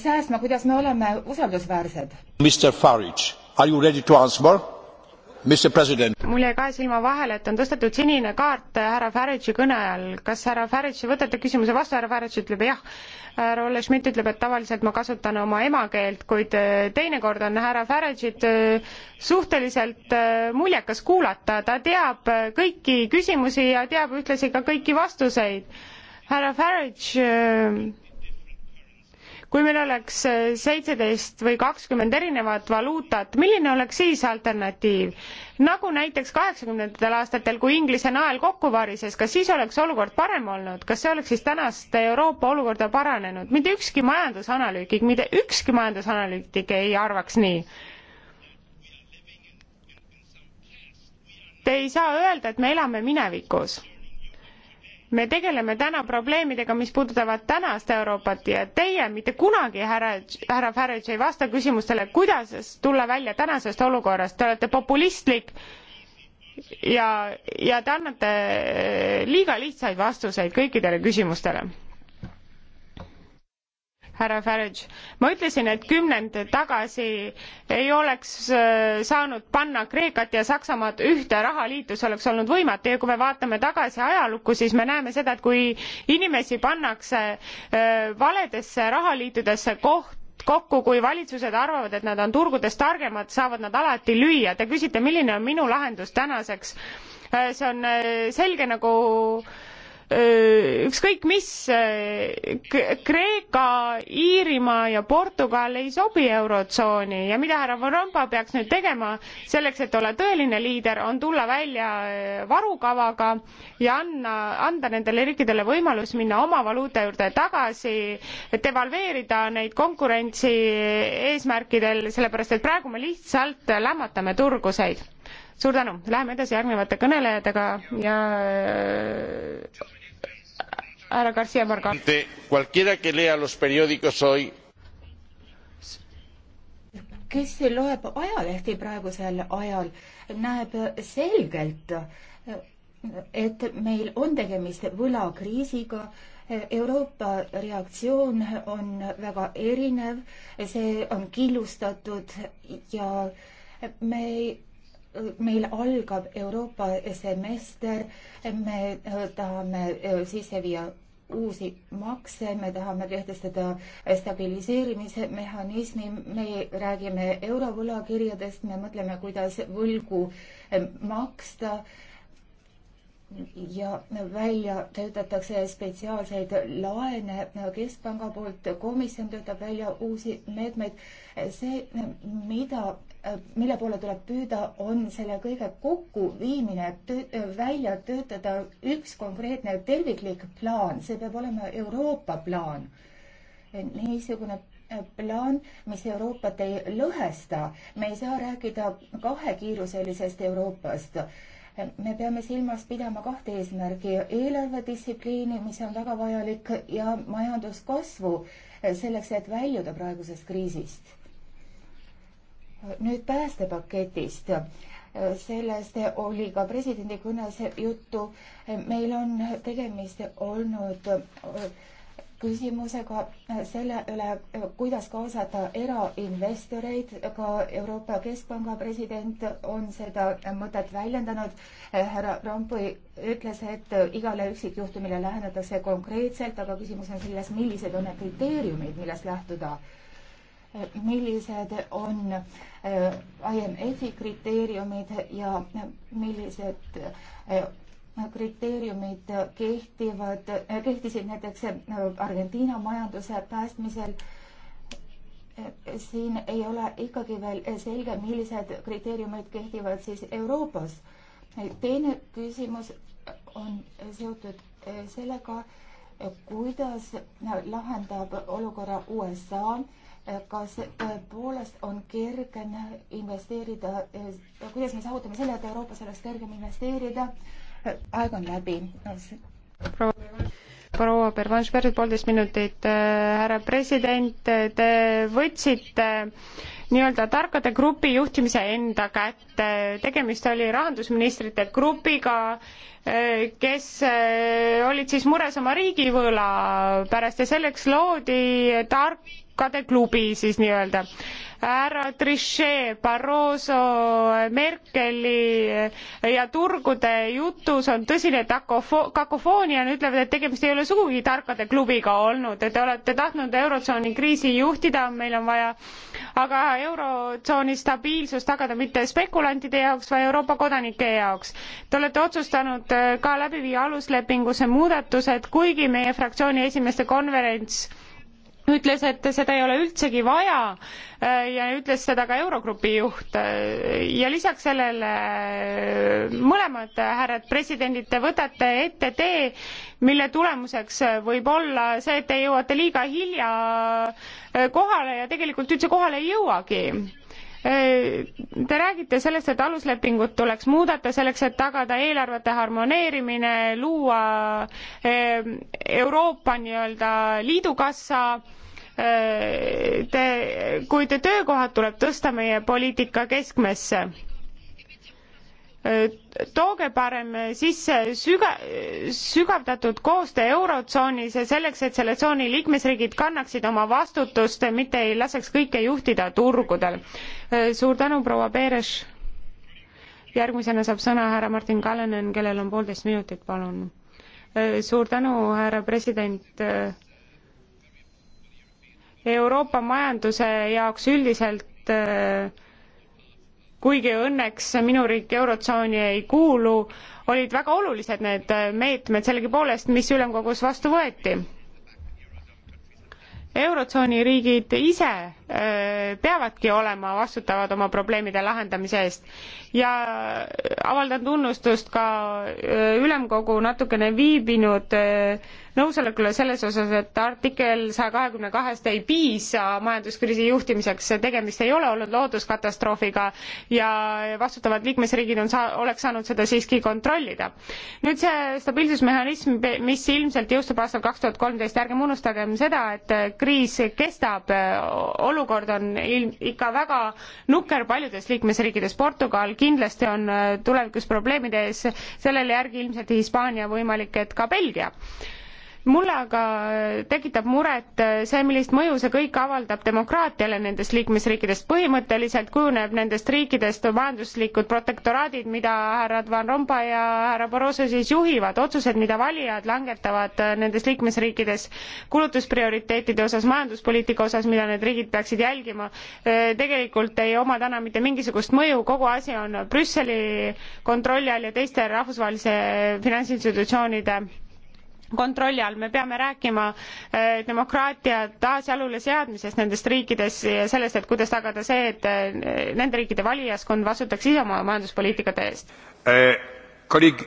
säästma, kuidas me oleme usaldusväärsed. Mr Farage, are you ready to answer? mul jäi kahe silma vahele, et on tõstetud sinine kaart härra Farage'i kõne ajal. kas härra Farage, võtate küsimuse vastu, härra Farage ütleb jah. härra Olle Schmidt ütleb, et tavaliselt ma kasutan oma emakeelt, kuid äh, teinekord on härra Farage'it äh, suhteliselt äh, muljekas kuulata, ta teab kõiki küsimusi ja teab ühtlasi ka kõiki vastuseid. härra Farage kui meil oleks äh, seitseteist või kakskümmend erinevat valuutat, milline oleks siis alternatiiv? nagu näiteks kaheksakümnendatel aastatel, kui Inglise nael kokku varises, kas siis oleks olukord parem olnud, kas see oleks siis tänast Euroopa olukorda paranenud? mitte ükski majandusanalüütik, mitte ükski majandusanalüütik ei arvaks nii te ei saa öelda, et me elame minevikus me tegeleme täna probleemidega, mis puudutavad tänast Euroopat ja teie mitte kunagi, härra, härra Farage, ei vasta küsimustele, kuidas tulla välja tänasest olukorrast, te olete populistlik ja, ja te annate liiga lihtsaid vastuseid kõikidele küsimustele härra Farage. ma ütlesin, et kümnend tagasi ei oleks äh, saanud panna Kreekat ja Saksamaad ühte rahaliitu, see oleks olnud võimatu ja kui me vaatame tagasi ajalukku, siis me näeme seda, et kui inimesi pannakse äh, valedesse rahaliitudesse koht, kokku, kui valitsused arvavad, et nad on turgudest targemad, saavad nad alati lüüa. Te küsite, milline on minu lahendus tänaseks? Äh, see on selge nagu äh, ükskõik mis, Kreeka, Iirimaa ja Portugal ei sobi Eurotsooni ja mida härra Van Rompuy peaks nüüd tegema selleks, et olla tõeline liider, on tulla välja varukavaga ja anna, anda nendele riikidele võimalus minna oma valuuta juurde tagasi, devalveerida neid konkurentsi eesmärkidel, sellepärast et praegu me lihtsalt lämmatame turguseid suur tänu, läheme edasi järgnevate kõnelejatega ja härra Garcia Margal. kes loeb ajalehti praegusel ajal, näeb selgelt, et meil on tegemist võlakriisiga Euroopa reaktsioon on väga erinev, see on killustatud ja me meil algab Euroopa semester, me äh, tahame äh, sisse viia uusi makse, me tahame kehtestada äh, stabiliseerimise mehhanismi, me räägime eurovõlakirjadest, me mõtleme, kuidas võlgu maksta ja välja töötatakse spetsiaalseid laene Keskpanga poolt, komisjon töötab välja uusi meetmeid. see, mida mille poole tuleb püüda, on selle kõige kokkuviimine, äh, välja töötada üks konkreetne terviklik plaan, see peab olema Euroopa plaan. niisugune äh, plaan, mis Euroopat ei lõhesta, me ei saa rääkida kahekiiruselisest Euroopast äh, me peame silmas pidama kahte eesmärgi, eelarvedistsipliini, mis on väga vajalik, ja majanduskasvu selleks, et väljuda praegusest kriisist nüüd päästepaketist. sellest oli ka presidendi kõnes juttu. meil on tegemist olnud küsimusega selle üle, kuidas kaasata erainvestoreid, ka Euroopa Keskpanga president on seda mõtet väljendanud. härra Rompuy ütles, et igale üksikjuhtumile lähenetakse konkreetselt, aga küsimus on selles, millised on need kriteeriumid, millest lähtuda millised on äh, IMF-i kriteeriumid ja millised äh, kriteeriumid kehtivad, äh, kehtisid näiteks Argentiina majanduse päästmisel. siin ei ole ikkagi veel selge, millised kriteeriumid kehtivad siis Euroopas. teine küsimus on seotud sellega, kuidas lahendab olukorra USA kas tõepoolest on kergem investeerida, eh, kuidas me saavutame selle, et Euroopas oleks kergem investeerida? aeg on läbi no,. proua, proua Pervanš Pärn, poolteist minutit. härra president, te võtsite äh, nii-öelda tarkade grupi juhtimise enda kätte. tegemist oli rahandusministrite grupiga, eh, kes eh, olid siis mures oma riigivõla pärast ja selleks loodi tarkade klubi siis nii-öelda härra Trichet, Barroso, Merkeli eh, ja turgude jutus on tõsine takofo-, kakofoonia, nad ütlevad, et tegemist ei ole sugugi tarkade klubiga olnud, et te olete tahtnud Eurotsooni kriisi juhtida, meil on vaja aga eurotsooni stabiilsus tagada mitte spekulantide jaoks, vaid Euroopa kodanike jaoks. Te olete otsustanud äh, ka läbi viia aluslepingusse muudatused, kuigi meie fraktsiooni esimeeste konverents ütles, et seda ei ole üldsegi vaja äh, ja ütles seda ka Eurogrupi juht. Äh, ja lisaks sellele äh, mõlemad härrad presidendid, te võtate ette tee, mille tulemuseks võib olla see, et te jõuate liiga hilja kohale ja tegelikult üldse kohale ei jõuagi Te räägite sellest, et aluslepingut tuleks muudata selleks, et tagada eelarvete harmoneerimine, luua ehm, Euroopa nii-öelda liidukassa ehm, te, kuid töökohad tuleb tõsta meie poliitika keskmesse tooge parem sisse süga-, sügavdatud koostöö Eurotsoonis ja selleks, et selle tsooni liikmesriigid kannaksid oma vastutust, mitte ei laseks kõike juhtida turgudel. suur tänu, proua Peeres. järgmisena saab sõna härra Martin Kallenen, kellel on poolteist minutit, palun. suur tänu, härra president Euroopa majanduse jaoks üldiselt kuigi õnneks minu riik Eurotsooni ei kuulu, olid väga olulised need meetmed sellegipoolest, mis ülemkogus vastu võeti. eurotsooni riigid ise Äh, peavadki olema vastutavad oma probleemide lahendamise eest. ja avaldan tunnustust ka äh, ülemkogu natukene viibinud äh, nõusolekule selles osas, et artikkel saja kahekümne kahest ei piisa majanduskriisi juhtimiseks, tegemist ei ole olnud looduskatastroofiga ja vastutavad liikmesriigid on saa-, oleks saanud seda siiski kontrollida. nüüd see stabiilsusmehhanism, mis ilmselt jõustub aastal kaks tuhat kolmteist, ärgem unustagem seda, et kriis kestab, olukord olukord on ilm-, ikka väga nukker paljudes liikmesriikides. Portugal kindlasti on äh, tulevikus probleemide ees, sellele järgi ilmselt Hispaania, võimalik et ka Belgia mulle aga tekitab muret see, millist mõju see kõik avaldab demokraatiale nendes liikmesriikides. põhimõtteliselt kujuneb nendest riikidest majanduslikud protektoraadid, mida härrad Van Rompuy ja härra Barroso siis juhivad, otsused, mida valijad langetavad nendes liikmesriikides kulutusprioriteetide osas, majanduspoliitika osas, mida need riigid peaksid jälgima, tegelikult ei oma täna mitte mingisugust mõju, kogu asi on Brüsseli kontrolli all ja teiste rahvusvahelise finantsinstitutsioonide kontrolli all, me peame rääkima eh, demokraatia taasjalule seadmisest nendes riikides ja sellest, et kuidas tagada see, et eh, nende riikide valijaskond vastutaks ise oma majanduspoliitikate eest eh,.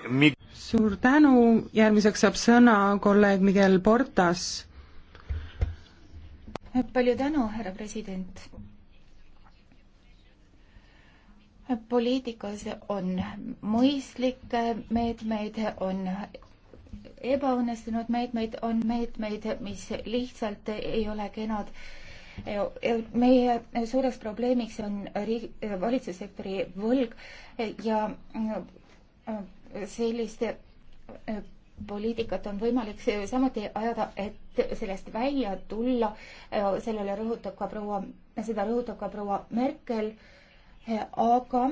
Mi... suur tänu, järgmiseks saab sõna kolleeg Miguel Portas. palju tänu, härra president poliitikas on mõistlikke meetmeid, on ebaõnnestunud meetmeid on meetmeid, mis lihtsalt ei ole kenad. meie suureks probleemiks on riigi, valitsussektori võlg ja äh, sellist äh, poliitikat on võimalik samuti ajada, et sellest välja tulla. Äh, sellele rõhutab ka proua, seda rõhutab ka proua Merkel. aga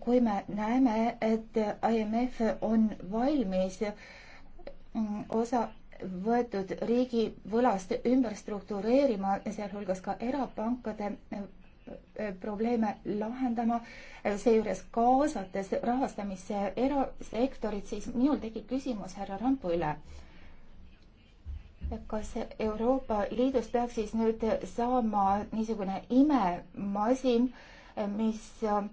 kui me näeme, et IMF on valmis mm, osa võetud riigi võlast ümber struktureerima, sealhulgas ka erapankade eh, probleeme lahendama, eh, seejuures kaasates rahastamisse erasektorit, siis minul tekib küsimus härra Rampule. kas Euroopa Liidus peaks siis nüüd saama niisugune imemasin äh, mis äh,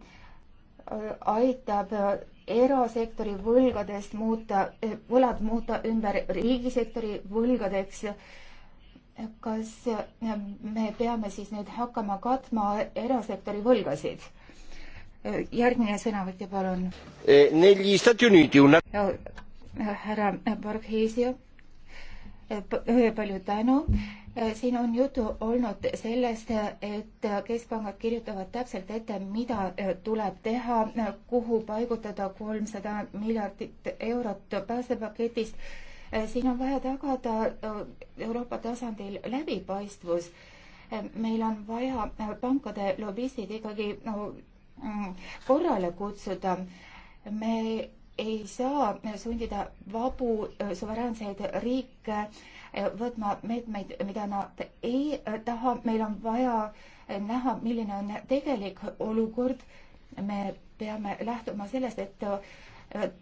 aitab äh, erasektori võlgadest muuta, äh, võlad muuta ümber riigisektori võlgadeks. kas me peame siis nüüd hakkama katma erasektori võlgasid? järgmine sõnavõtja, palun. Eh, härra Borghesio palju tänu. Äh, siin on juttu olnud sellest, et keskpangad kirjutavad täpselt ette, mida äh, tuleb teha, kuhu paigutada kolmsada miljardit eurot päästepaketist. Äh, siin on vaja tagada Euroopa tasandil läbipaistvus. meil on vaja pankade lobistid ikkagi no, mm, korrale kutsuda. me ei saa sundida vabu äh, suveräänseid riike äh, võtma meetmeid, mida nad ei äh, taha, meil on vaja näha, milline on tegelik olukord. me peame lähtuma sellest, et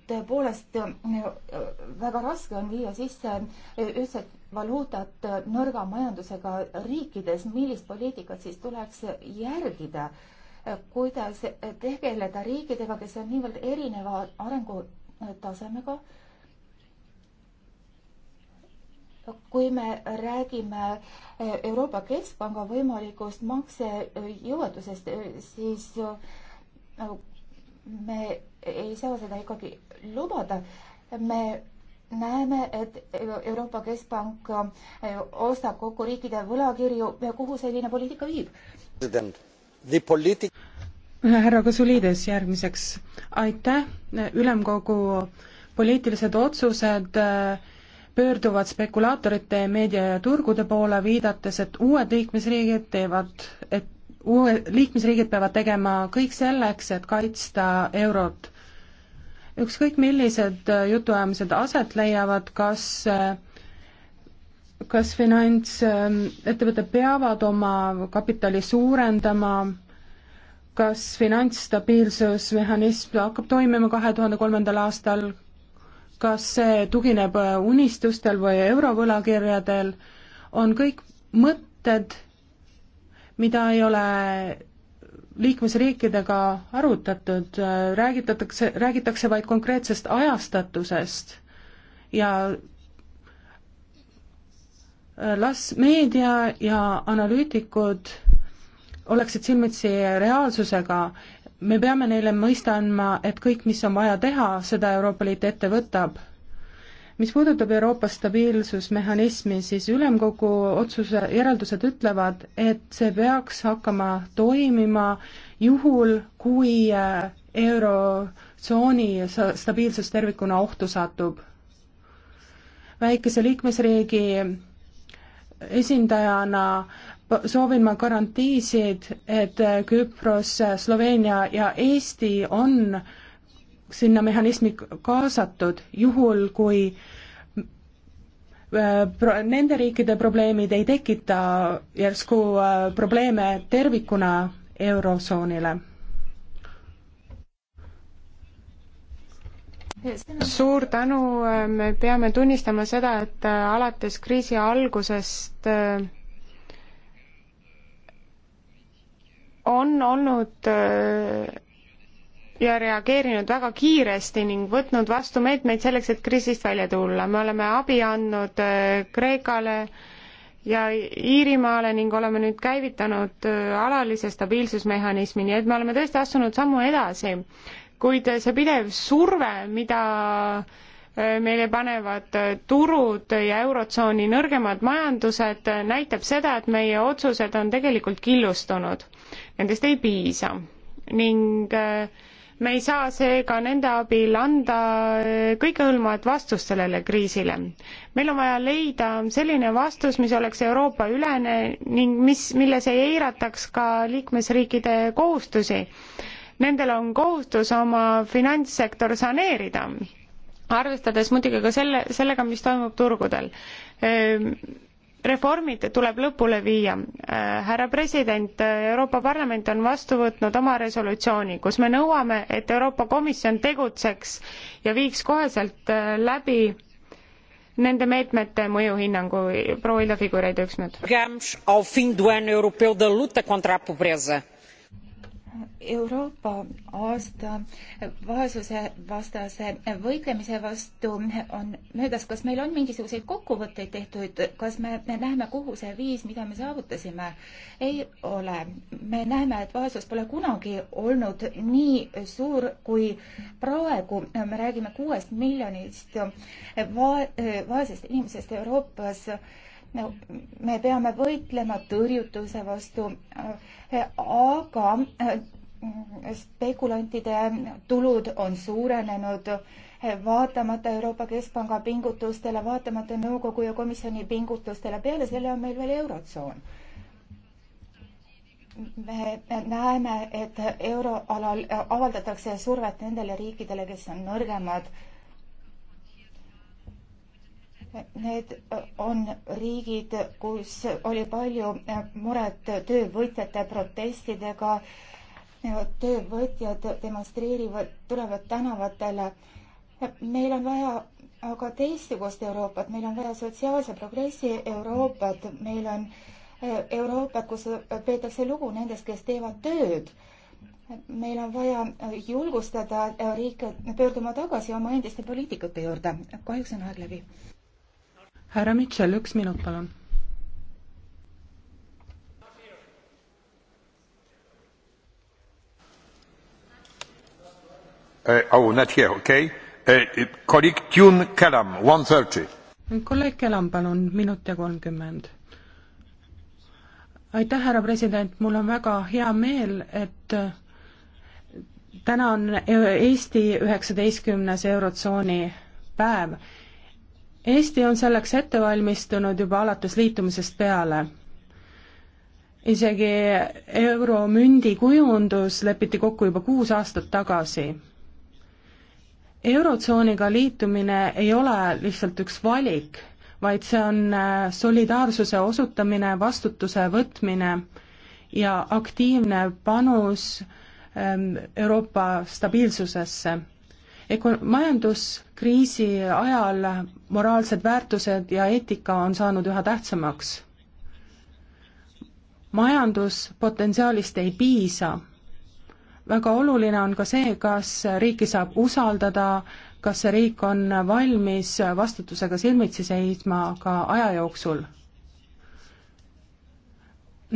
tõepoolest väga raske on viia sisse ühtset valuutat nõrga majandusega riikides, millist poliitikat siis tuleks järgida kuidas tegeleda riikidega, kes on niivõrd erineva arengutasemega. kui me räägime Euroopa Keskpanga võimalikust maksejõuetusest, siis nagu me ei saa seda ikkagi lubada. me näeme, et Euroopa Keskpank ostab kokku riikide võlakirju ja kuhu selline poliitika viib? härra Kasuliides järgmiseks, aitäh, ülemkogu poliitilised otsused äh, pöörduvad spekulaatorite ja meediaturgude poole, viidates, et uued liikmesriigid teevad, et uue, liikmesriigid peavad tegema kõik selleks, et kaitsta eurot. ükskõik, millised äh, jutuajamised aset leiavad, kas äh, kas finantsettevõtted peavad oma kapitali suurendama kas finantsstabiilsusmehhanism hakkab toimima kahe tuhande kolmandal aastal, kas see tugineb unistustel või eurovõlakirjadel, on kõik mõtted, mida ei ole liikmesriikidega arutatud, räägitatakse, räägitakse vaid konkreetsest ajastatusest ja las meedia ja analüütikud oleksid silmitsi reaalsusega, me peame neile mõista andma, et kõik, mis on vaja teha, seda Euroopa Liit ette võtab. mis puudutab Euroopa stabiilsusmehhanismi, siis ülemkogu otsuse järeldused ütlevad, et see peaks hakkama toimima juhul, kui äh, eurotsooni stabiilsus tervikuna ohtu satub. väikese liikmesriigi esindajana soovin ma garantiisid, et Küpros, Sloveenia ja Eesti on sinna mehhanismi kaasatud, juhul kui pro-, nende riikide probleemid ei tekita järsku äh, probleeme tervikuna Eurotsoonile. suur tänu, äh, me peame tunnistama seda, et äh, alates kriisi algusest äh, on olnud äh, ja reageerinud väga kiiresti ning võtnud vastu meetmeid selleks, et kriisist välja tulla. me oleme abi andnud äh, Kreekale ja Iirimaale ning oleme nüüd käivitanud äh, alalise stabiilsusmehhanismi, nii et me oleme tõesti astunud sammu edasi. kuid see pidev surve, mida meile panevad turud ja Eurotsooni nõrgemad majandused, näitab seda, et meie otsused on tegelikult killustunud nendest ei piisa ning äh, me ei saa seega nende abil anda äh, kõikehõlmavat vastust sellele kriisile. meil on vaja leida selline vastus, mis oleks Euroopa ülene ning mis, milles ei eirataks ka liikmesriikide kohustusi. Nendel on kohustus oma finantssektor saneerida, arvestades muidugi ka selle, sellega, mis toimub turgudel ehm, reformid tuleb lõpule viia. Äh, härra president, äh, Euroopa Parlament on vastu võtnud oma resolutsiooni, kus me nõuame, et Euroopa Komisjon tegutseks ja viiks koheselt äh, läbi nende meetmete mõjuhinnangu. proua Hilda Figureid, üks minut. Euroopa aasta vaesuse vastase võitlemise vastu on möödas. kas meil on mingisuguseid kokkuvõtteid tehtud, kas me, me näeme, kuhu see viis, mida me saavutasime? ei ole. me näeme, et vaesus pole kunagi olnud nii suur kui praegu. me räägime kuuest miljonist va vaesest inimesest Euroopas me peame võitlema tõrjutuse vastu, äh, aga äh, spekulantide tulud on suurenenud äh, vaatamata Euroopa Keskpanga pingutustele, vaatamata nõukogu ja komisjoni pingutustele, peale selle on meil veel Eurotsoon. me näeme, et euroalal avaldatakse survet nendele riikidele, kes on nõrgemad Need on riigid, kus oli palju äh, muret töövõtjate protestidega. töövõtjad demonstreerivad, tulevad tänavatele. meil on vaja aga teistsugust Euroopat, meil on vaja sotsiaalse progressi Euroopat, meil on äh, Euroopat, kus peetakse lugu nendest, kes teevad tööd meil on vaja äh, julgustada riike pöörduma tagasi oma endiste poliitikate juurde. kahjuks on aeg läbi härra Mitchell, üks minut, palun. Uh, oh, not here, okei okay. Uh,. kolleeg Tune Kelam, one thirty. kolleeg Kelam, palun, minut ja kolmkümmend. aitäh, härra president, mul on väga hea meel, et äh, täna on äh, Eesti üheksateistkümnes Eurotsooni päev Eesti on selleks ette valmistunud juba alates liitumisest peale. isegi euromündi kujundus lepiti kokku juba kuus aastat tagasi. eurotsooniga liitumine ei ole lihtsalt üks valik, vaid see on äh, solidaarsuse osutamine, vastutuse võtmine ja aktiivne panus ähm, Euroopa stabiilsusesse Eko-, majanduskriisi ajal moraalsed väärtused ja eetika on saanud üha tähtsamaks. majanduspotentsiaalist ei piisa. väga oluline on ka see, kas riiki saab usaldada, kas see riik on valmis vastutusega silmitsi seisma ka aja jooksul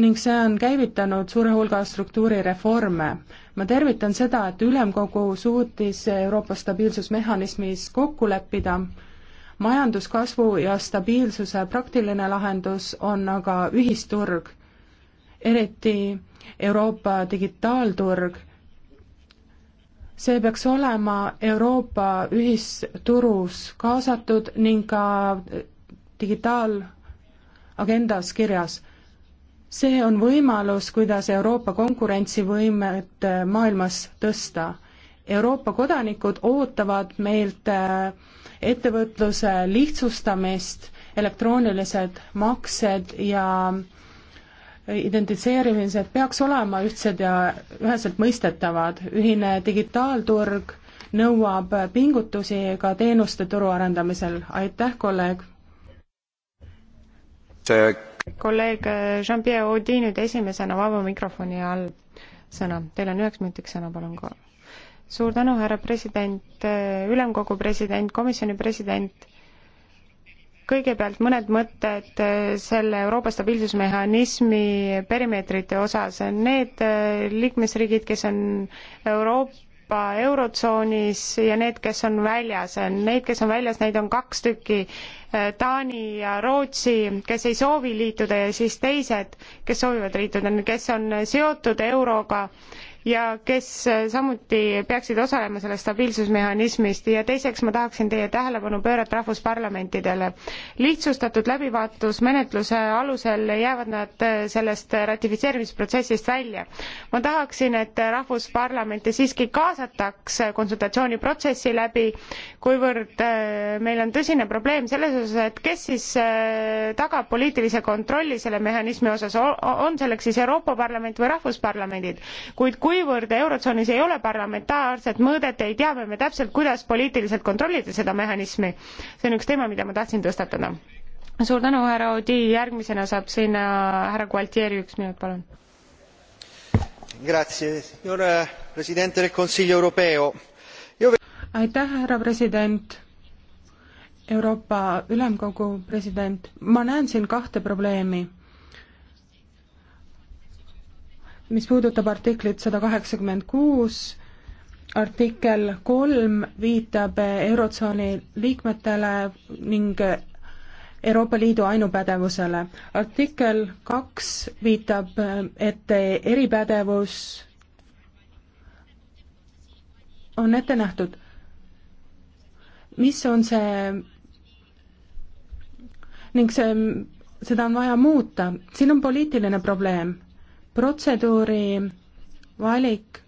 ning see on käivitanud suure hulga struktuurireforme. ma tervitan seda, et Ülemkogu suutis Euroopa stabiilsusmehhanismis kokku leppida, majanduskasvu ja stabiilsuse praktiline lahendus on aga ühisturg, eriti Euroopa digitaalturg. see peaks olema Euroopa ühisturus kaasatud ning ka digitaalagendas kirjas see on võimalus, kuidas Euroopa konkurentsivõimet äh, maailmas tõsta. Euroopa kodanikud ootavad meilt äh, ettevõtluse lihtsustamist, elektroonilised maksed ja äh, identifitseerimised peaks olema ühtsed ja üheselt mõistetavad, ühine digitaalturg nõuab pingutusi ka teenuste turu arendamisel, aitäh, kolleeg! kolleeg Jean-Pierre Audi nüüd esimesena vaba mikrofoni all sõna. Teil on üheks minutiks sõna, palun. suur tänu, härra president, ülemkogu president, komisjoni president. kõigepealt mõned mõtted selle Euroopa stabiilsusmehhanismi perimeetrite osas. Need liikmesriigid, kes on Euroopa Euroopa Eurotsoonis ja need, kes on väljas, neid, kes on väljas, neid on kaks tükki, äh, Taani ja Rootsi, kes ei soovi liituda ja siis teised, kes soovivad liituda, kes on seotud euroga ja kes samuti peaksid osalema sellest stabiilsusmehhanismist ja teiseks ma tahaksin teie tähelepanu pöörata rahvusparlamentidele. lihtsustatud läbivaatusmenetluse alusel jäävad nad sellest ratifitseerimisprotsessist välja. ma tahaksin, et rahvusparlamente siiski kaasataks konsultatsiooniprotsessi läbi, kuivõrd äh, meil on tõsine probleem selles osas, et kes siis äh, tagab poliitilise kontrolli selle mehhanismi osas, on selleks siis Euroopa Parlament või rahvusparlamendid, kuid kui kuivõrd Eurotsoonis ei ole parlamentaarset mõõdet, ei tea me täpselt, kuidas poliitiliselt kontrollida seda mehhanismi. see on üks teema, mida ma tahtsin tõstatada. suur tänu, härra Odi, järgmisena saab siin äh, härra Gualtieri üks minut, palun. Äh, aitäh, härra president Euroopa Ülemkogu president, ma näen siin kahte probleemi. mis puudutab artiklit sada kaheksakümmend kuus, artikkel kolm viitab Eurotsooni liikmetele ning Euroopa Liidu ainupädevusele. artikkel kaks viitab, et eripädevus on ette nähtud. mis on see ning see, seda on vaja muuta, siin on poliitiline probleem protseduuri valik,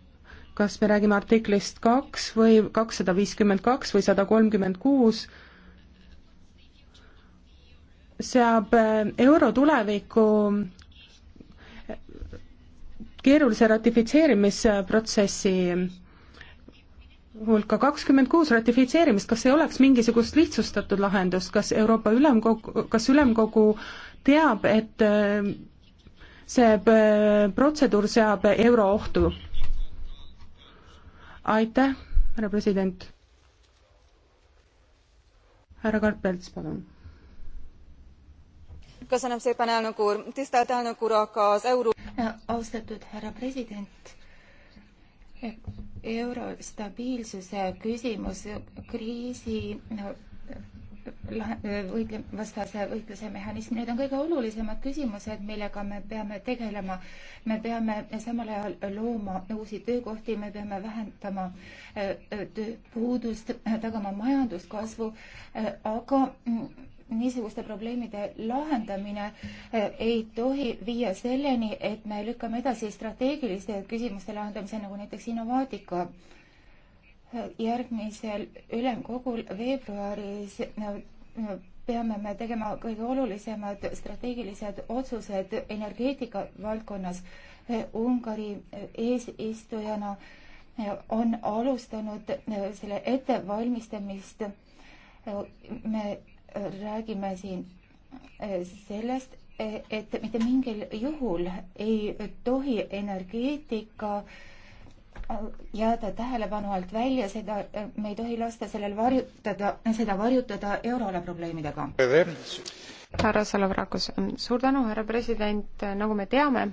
kas me räägime artiklist kaks või kakssada viiskümmend kaks või sada kolmkümmend kuus, seab äh, euro tuleviku keerulise ratifitseerimisprotsessi hulka kakskümmend kuus ratifitseerimist, kas ei oleks mingisugust lihtsustatud lahendust, kas Euroopa Ülemkogu, kas Ülemkogu teab, et äh, see äh, protseduur seab euro ohtu. aitäh, härra president. härra Karp-Pelts, palun. austatud härra president euro stabiilsuse küsimus kriisi võitle-, äh, vastase võitluse mehhanism, need on kõige olulisemad küsimused, millega me peame tegelema. me peame samal ajal looma uusi töökohti, me peame vähendama äh, äh, tööpuudust, tagama majanduskasvu, aga mm, niisuguste probleemide lahendamine ei tohi viia selleni, et me lükkame edasi strateegiliste küsimuste lahendamise, nagu näiteks Innovaatika järgmisel ülemkogul veebruaris peame me tegema kõige olulisemad strateegilised otsused energeetika valdkonnas. Ungari eesistujana on alustanud selle ettevalmistamist. me räägime siin sellest, et mitte mingil juhul ei tohi energeetika äh, jääda tähelepanu alt välja, seda, äh, me ei tohi lasta sellel varjutada, seda varjutada euroala probleemidega. härra Salavrakus, suur tänu, härra president, nagu me teame,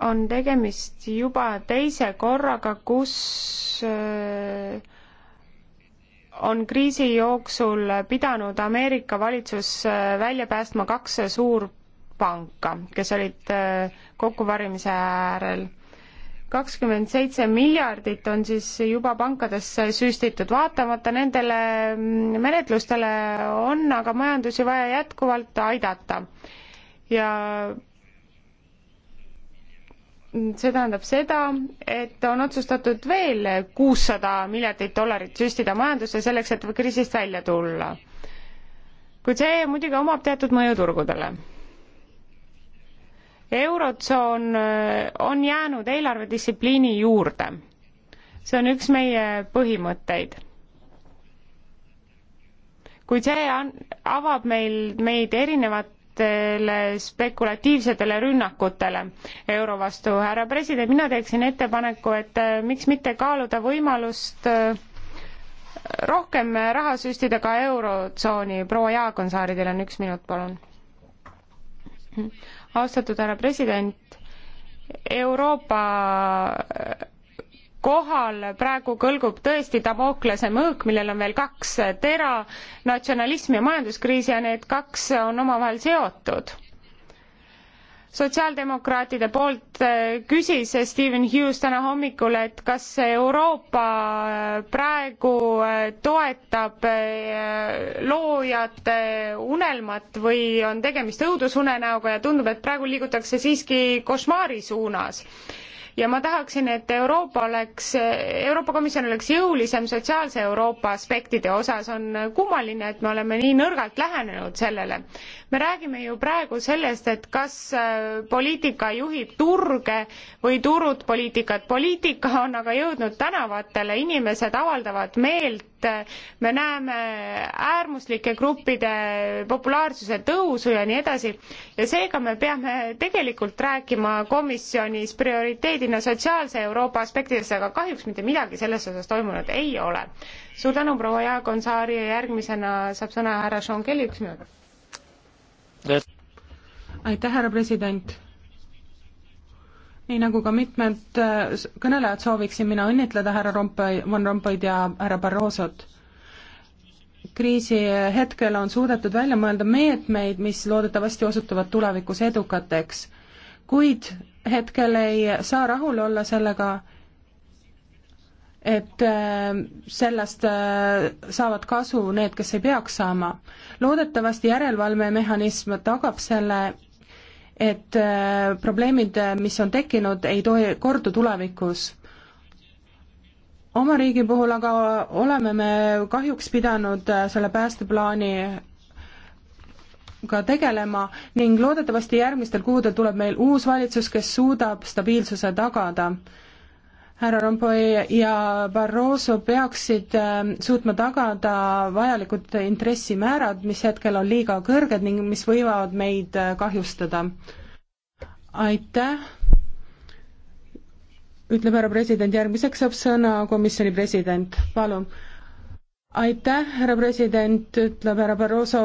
on tegemist juba teise korraga, kus äh, on kriisi jooksul pidanud Ameerika valitsus äh, välja päästma kaks suurpanka, kes olid kokkuvarjumise äärel kakskümmend seitse miljardit on siis juba pankadesse süstitud, vaatamata nendele mm, menetlustele on aga majandusi vaja jätkuvalt aidata. ja see tähendab seda, et on otsustatud veel kuussada miljardit dollarit süstida majandusse selleks, et kriisist välja tulla. kuid see muidugi omab teatud mõju turgudele eurotsoon äh, on jäänud eelarvedistsipliini juurde. see on üks meie põhimõtteid kuid see avab meil, meid erinevatele spekulatiivsetele rünnakutele euro vastu. härra president, mina teeksin ettepaneku, et äh, miks mitte kaaluda võimalust äh, rohkem raha süstida ka Eurotsooni. proua Jaagonsaari, teil on üks minut, palun austatud härra president, Euroopa kohal praegu kõlgub tõesti Damoklese mõõk, millel on veel kaks tera, natsionalism ja majanduskriis ja need kaks on omavahel seotud sotsiaaldemokraatide poolt äh, küsis Stephen Hughes täna hommikul, et kas Euroopa äh, praegu äh, toetab loojate unelmat või on tegemist õudusunenäoga ja tundub, et praegu liigutakse siiski košmaari suunas ja ma tahaksin, et Euroopa oleks, Euroopa Komisjon oleks jõulisem sotsiaalse Euroopa aspektide osas, on kummaline, et me oleme nii nõrgalt lähenenud sellele me räägime ju praegu sellest, et kas äh, poliitika juhib turge või turud poliitikat. poliitika on aga jõudnud tänavatele, inimesed avaldavad meelt, me näeme äärmuslike gruppide populaarsuse tõusu ja nii edasi ja seega me peame tegelikult rääkima komisjonis prioriteedina sotsiaalse Euroopa aspektidest, aga kahjuks mitte midagi selles osas toimunud ei ole. suur tänu, proua Jaak Onsaari ja järgmisena saab sõna härra Sean Kelly, üks minut aitäh, härra president! nii nagu ka mitmed äh, kõnelejad, sooviksin mina õnnitleda härra Rompuy, Van Rompuyd ja härra Barrosot. kriisi hetkel on suudetud välja mõelda meetmeid, mis loodetavasti osutuvad tulevikus edukateks. kuid hetkel ei saa rahul olla sellega, et äh, sellest äh, saavad kasu need, kes ei peaks saama. loodetavasti järelevalvemehhanism tagab selle, et äh, probleemid, äh, mis on tekkinud, ei tohi kordu tulevikus. oma riigi puhul aga oleme me kahjuks pidanud äh, selle päästeplaani ka tegelema ning loodetavasti järgmistel kuudel tuleb meil uus valitsus, kes suudab stabiilsuse tagada härra Rompuy ja Barroso peaksid äh, suutma tagada vajalikud intressimäärad, mis hetkel on liiga kõrged ning mis võivad meid äh, kahjustada. aitäh, ütleb härra president, järgmiseks saab sõna komisjoni president, palun. aitäh, härra president, ütleb härra Barroso,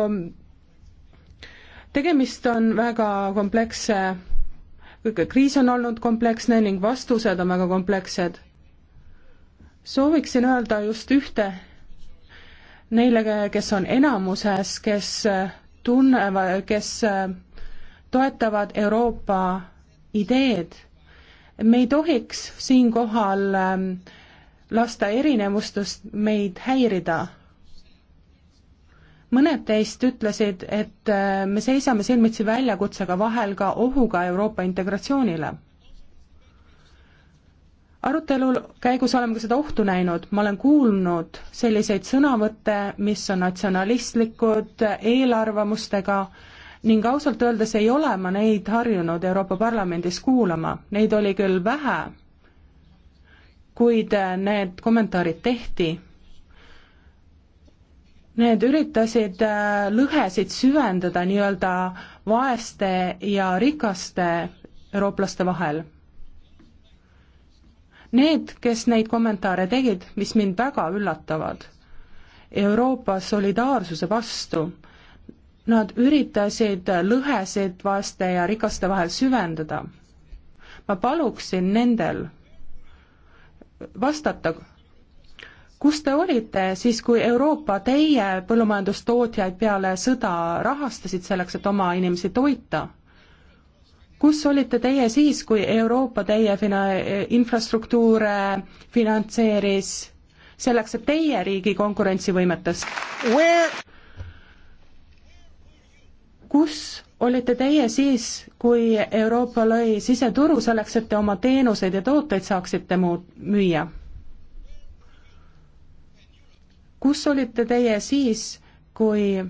tegemist on väga kompleksse kriis on olnud kompleksne ning vastused on väga komplekssed. sooviksin öelda just ühte neile, kes on enamuses, kes äh, tunnevad, kes äh, toetavad Euroopa ideed. me ei tohiks siinkohal ähm, lasta erinevustest meid häirida mõned teist ütlesid, et äh, me seisame silmitsi väljakutsega, vahel ka ohuga Euroopa integratsioonile. arutelul käigus oleme ka seda ohtu näinud, ma olen kuulnud selliseid sõnavõtte, mis on natsionalistlikud, eelarvamustega, ning ausalt öeldes ei ole ma neid harjunud Euroopa Parlamendis kuulama, neid oli küll vähe, kuid äh, need kommentaarid tehti Need üritasid äh, lõhesid süvendada nii-öelda vaeste ja rikaste eurooplaste vahel. Need, kes neid kommentaare tegid, mis mind väga üllatavad, Euroopa solidaarsuse vastu, nad üritasid lõhesid vaeste ja rikaste vahel süvendada. ma paluksin nendel vastata kus te olite siis, kui Euroopa teie põllumajandustootjaid peale sõda rahastasid selleks, et oma inimesi toita? kus olite teie siis, kui Euroopa teie fina-, infrastruktuure finantseeris selleks, et teie riigi konkurentsivõimet tõsta? kus olite teie siis, kui Euroopa lõi siseturu selleks, et te oma teenuseid ja tooteid saaksite muud, müüa? kus olite teie siis, kui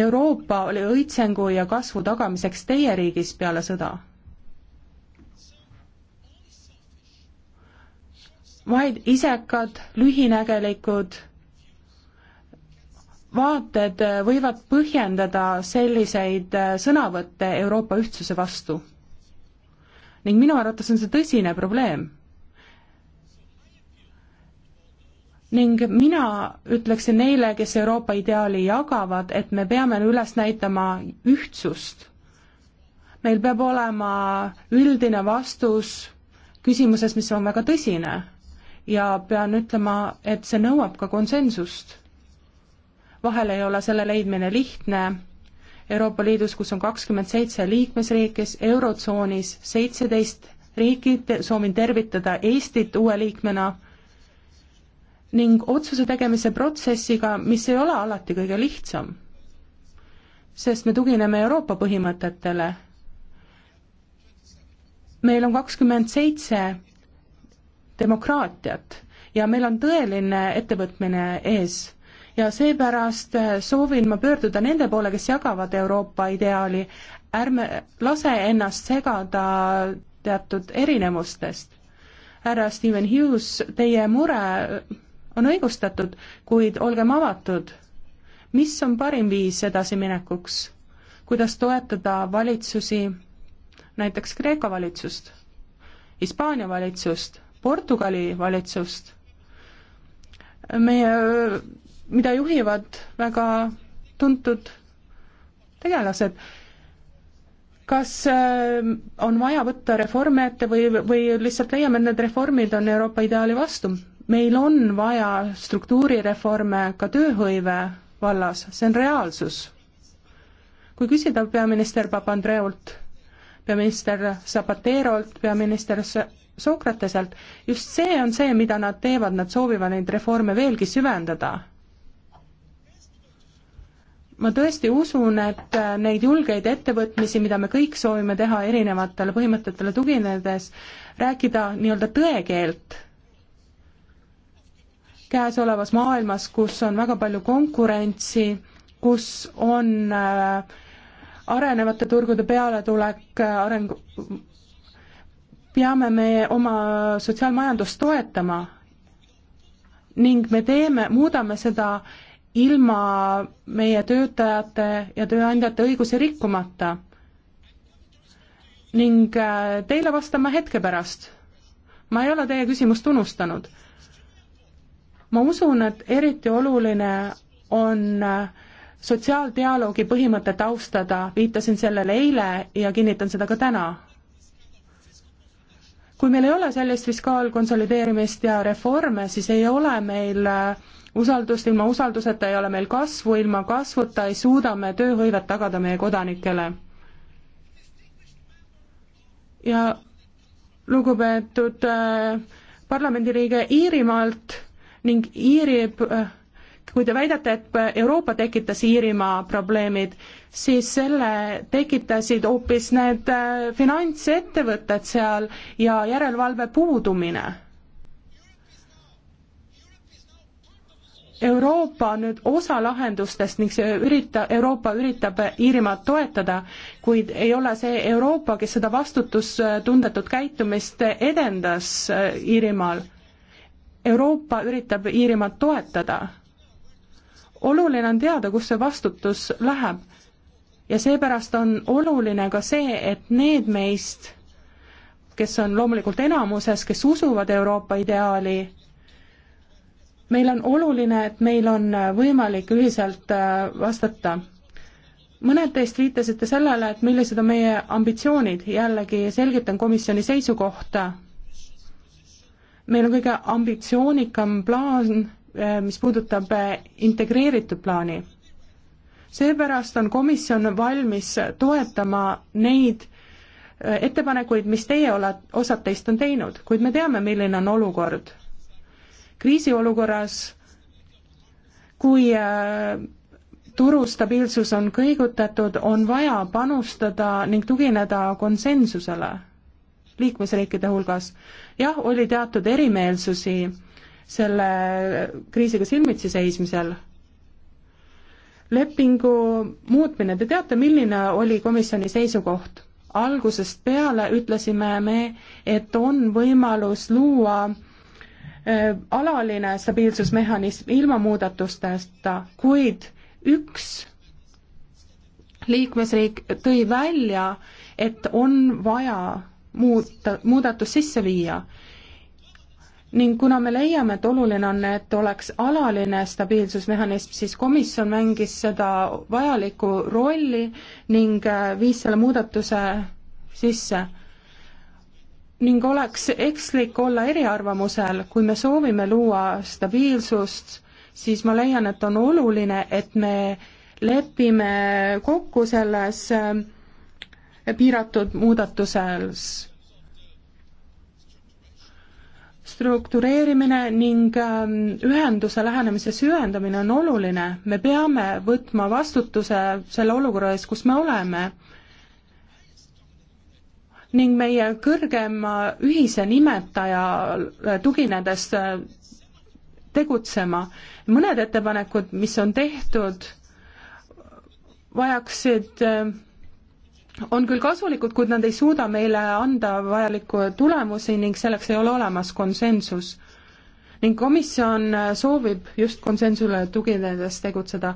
Euroopa oli õitsengu ja kasvu tagamiseks teie riigis peale sõda? vaid isekad, lühinägelikud vaated võivad põhjendada selliseid sõnavõtte Euroopa ühtsuse vastu. ning minu arvates on see tõsine probleem ning mina ütleksin neile, kes Euroopa ideaali jagavad, et me peame üles näitama ühtsust. meil peab olema üldine vastus küsimuses, mis on väga tõsine ja pean ütlema, et see nõuab ka konsensust. vahel ei ole selle leidmine lihtne, Euroopa Liidus, kus on kakskümmend seitse liikmesriigis, Eurotsoonis seitseteist riiki, soovin tervitada Eestit uue liikmena ning otsuse tegemise protsessiga, mis ei ole alati kõige lihtsam. sest me tugineme Euroopa põhimõtetele. meil on kakskümmend seitse demokraatiat ja meil on tõeline ettevõtmine ees. ja seepärast eh, soovin ma pöörduda nende poole, kes jagavad Euroopa ideaali, ärme lase ennast segada teatud erinevustest. härra Steven Hughes, teie mure on õigustatud, kuid olgem avatud, mis on parim viis edasiminekuks, kuidas toetada valitsusi, näiteks Kreeka valitsust, Hispaania valitsust, Portugali valitsust, meie, mida juhivad väga tuntud tegelased, kas äh, on vaja võtta reforme ette või, või lihtsalt leiame, et need reformid on Euroopa ideaali vastu? meil on vaja struktuurireforme ka tööhõive vallas, see on reaalsus. kui küsida peaminister Papandreolt, peaminister Zapaterolt, peaminister Sokrateselt, just see on see, mida nad teevad, nad soovivad neid reforme veelgi süvendada. ma tõesti usun, et neid julgeid ettevõtmisi, mida me kõik soovime teha erinevatele põhimõtetele tuginedes, rääkida nii-öelda tõekeelt käesolevas maailmas, kus on väga palju konkurentsi, kus on äh, arenevate turgude pealetulek, äh, areng, peame me oma sotsiaalmajandust toetama ning me teeme, muudame seda ilma meie töötajate ja tööandjate õigusi rikkumata. ning äh, teile vastan ma hetke pärast. ma ei ole teie küsimust unustanud ma usun, et eriti oluline on äh, sotsiaaldialoogi põhimõtet austada, viitasin sellele eile ja kinnitan seda ka täna. kui meil ei ole sellist fiskaalkonsolideerimist ja reforme, siis ei ole meil äh, usaldust, ilma usalduseta ei ole meil kasvu, ilma kasvuta ei suuda me tööhõivet tagada meie kodanikele. ja lugupeetud äh, parlamendiliige Iirimaalt ning Iiri kui te väidate, et Euroopa tekitas Iirimaa probleemid, siis selle tekitasid hoopis need äh, finantsettevõtted seal ja järelevalve puudumine. Euroopa on nüüd osa lahendustest ning see ürita, Euroopa üritab Iirimaad toetada, kuid ei ole see Euroopa, kes seda vastutustundetut käitumist edendas äh, Iirimaal Euroopa üritab Iirimaad toetada. oluline on teada, kus see vastutus läheb ja seepärast on oluline ka see, et need meist, kes on loomulikult enamuses, kes usuvad Euroopa ideaali, meil on oluline, et meil on võimalik ühiselt äh, vastata. mõned teist viitasite sellele, et millised on meie ambitsioonid, jällegi selgitan komisjoni seisukohta meil on kõige ambitsioonikam plaan, eh, mis puudutab eh, integreeritud plaani. seepärast on komisjon valmis toetama neid eh, ettepanekuid, mis teie ole, osad teist on teinud, kuid me teame, milline on olukord. kriisiolukorras, kui turu stabiilsus on kõigutatud, on vaja panustada ning tugineda konsensusele liikmesriikide hulgas. jah, oli teatud erimeelsusi selle kriisiga silmitsi seismisel, lepingu muutmine, te teate, milline oli komisjoni seisukoht? algusest peale ütlesime me, et on võimalus luua äh, alaline stabiilsusmehhanism ilma muudatusteta, kuid üks liikmesriik tõi välja, et on vaja muuta, muudatus sisse viia. ning kuna me leiame, et oluline on, et oleks alaline stabiilsusmehhanism, siis komisjon mängis seda vajalikku rolli ning äh, viis selle muudatuse sisse ning oleks ekslik olla eriarvamusel, kui me soovime luua stabiilsust, siis ma leian, et on oluline, et me lepime kokku selles äh, piiratud muudatuses. struktureerimine ning ähm, ühenduse lähenemise süvendamine on oluline, me peame võtma vastutuse selle olukorra ees, kus me oleme ning meie kõrgema ühise nimetajale äh, tuginedes äh, tegutsema. mõned ettepanekud, mis on tehtud, vajaksid äh, on küll kasulikud, kuid nad ei suuda meile anda vajalikku tulemusi ning selleks ei ole olemas konsensus. ning komisjon äh, soovib just konsensusele tuginedes tegutseda.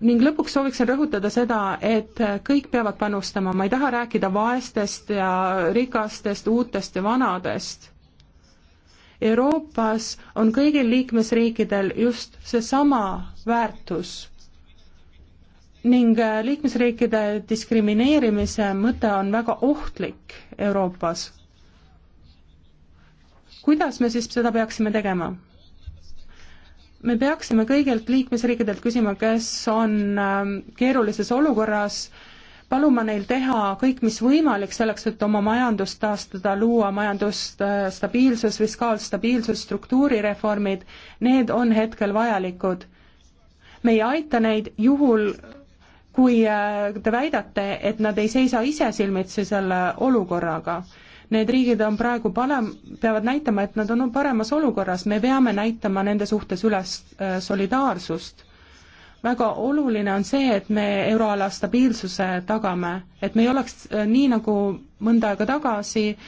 ning lõpuks sooviksin rõhutada seda, et äh, kõik peavad panustama, ma ei taha rääkida vaestest ja rikastest, uutest ja vanadest Euroopas on kõigil liikmesriikidel just seesama väärtus ning äh, liikmesriikide diskrimineerimise mõte on väga ohtlik Euroopas. kuidas me siis seda peaksime tegema? me peaksime kõigilt liikmesriikidelt küsima, kes on ähm, keerulises olukorras, paluma neil teha kõik, mis võimalik selleks, et oma majandust taastada, luua majandust äh, stabiilsus, fiskaalstabiilsus, struktuurireformid, need on hetkel vajalikud. me ei aita neid juhul, kui äh, te väidate, et nad ei seisa ise silmitsi selle olukorraga. Need riigid on praegu parem, peavad näitama, et nad on paremas olukorras, me peame näitama nende suhtes üles äh, solidaarsust. väga oluline on see, et me euroala stabiilsuse tagame, et me ei oleks äh, nii, nagu mõnda aega tagasi äh,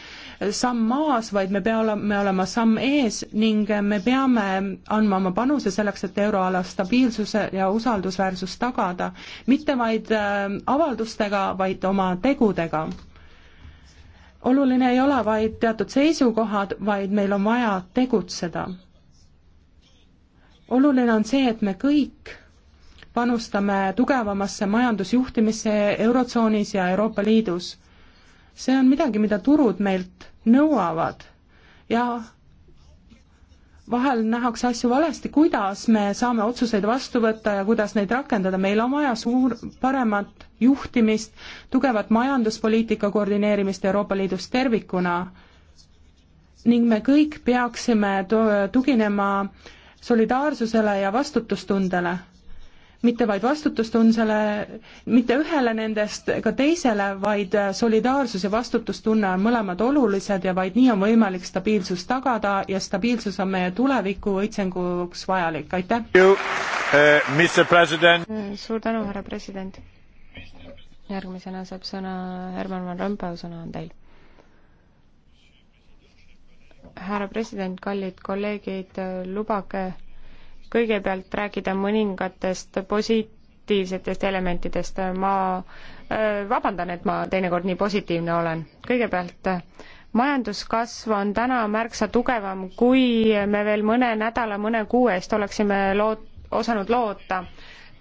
samm maas, vaid me peame olema samm ees ning me peame andma oma panuse selleks, et euroala stabiilsuse ja usaldusväärsust tagada, mitte vaid äh, avaldustega, vaid oma tegudega oluline ei ole vaid teatud seisukohad, vaid meil on vaja tegutseda. oluline on see, et me kõik panustame tugevamasse majandusjuhtimisse Eurotsoonis ja Euroopa Liidus see on midagi, mida turud meilt nõuavad ja vahel nähakse asju valesti, kuidas me saame otsuseid vastu võtta ja kuidas neid rakendada, meil on vaja suur, paremat juhtimist, tugevat majanduspoliitika koordineerimist Euroopa Liidus tervikuna ning me kõik peaksime tuginema solidaarsusele ja vastutustundele mitte vaid vastutustundsele, mitte ühele nendest ega teisele, vaid solidaarsus ja vastutustunne on mõlemad olulised ja vaid nii on võimalik stabiilsus tagada ja stabiilsus on meie tuleviku õitsenguks vajalik, aitäh! Uh, mm, suur tänu, härra president! järgmisena saab sõna Herman Van Rompuy, sõna on teil härra president, kallid kolleegid, lubage kõigepealt rääkida mõningatest positiivsetest elementidest. ma äh, vabandan, et ma teinekord nii positiivne olen. kõigepealt majanduskasv on täna märksa tugevam, kui me veel mõne nädala, mõne kuu eest oleksime loot-, osanud loota.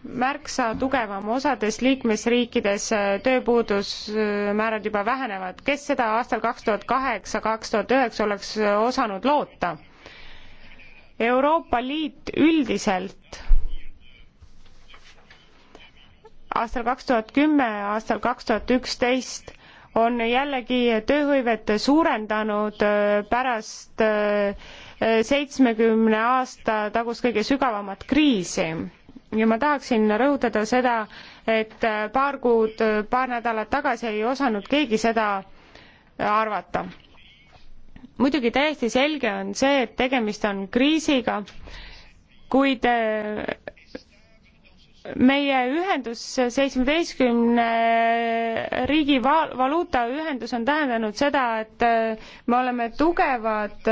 märksa tugevam osades liikmesriikides äh, tööpuudusmäärad äh, juba vähenevad. kes seda aastal kaks tuhat kaheksa, kaks tuhat üheksa oleks osanud loota? Euroopa Liit üldiselt aastal kaks tuhat kümme, aastal kaks tuhat üksteist on jällegi tööhõivet suurendanud äh, pärast äh, seitsmekümne aasta tagust kõige sügavamat kriisi. ja ma tahaksin rõhutada seda, et äh, paar kuud, paar nädalat tagasi ei osanud keegi seda arvata muidugi täiesti selge on see, et tegemist on kriisiga, kuid äh, meie ühendus, seitsmeteistkümne äh, riigi valuutaühendus on tähendanud seda, et äh, me oleme tugevad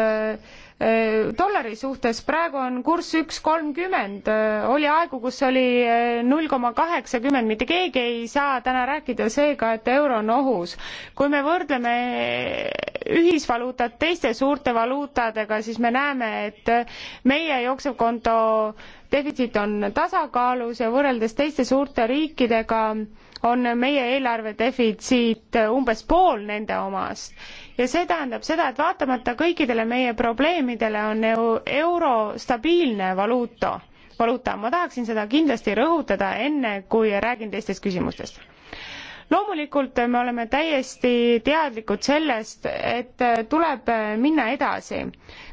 dollari suhtes, praegu on kurss üks kolmkümmend, oli aegu, kus oli null koma kaheksakümmend, mitte keegi ei saa täna rääkida seega, et euro on ohus. kui me võrdleme ühisvaluutat teiste suurte valuutadega, siis me näeme, et meie jooksevkonto defitsiit on tasakaalus ja võrreldes teiste suurte riikidega on meie eelarve defitsiit umbes pool nende omast ja see tähendab seda, et vaatamata kõikidele meie probleemidele on euro stabiilne valuuta, valuuta. ma tahaksin seda kindlasti rõhutada, enne kui räägin teistest küsimustest loomulikult me oleme täiesti teadlikud sellest, et tuleb minna edasi,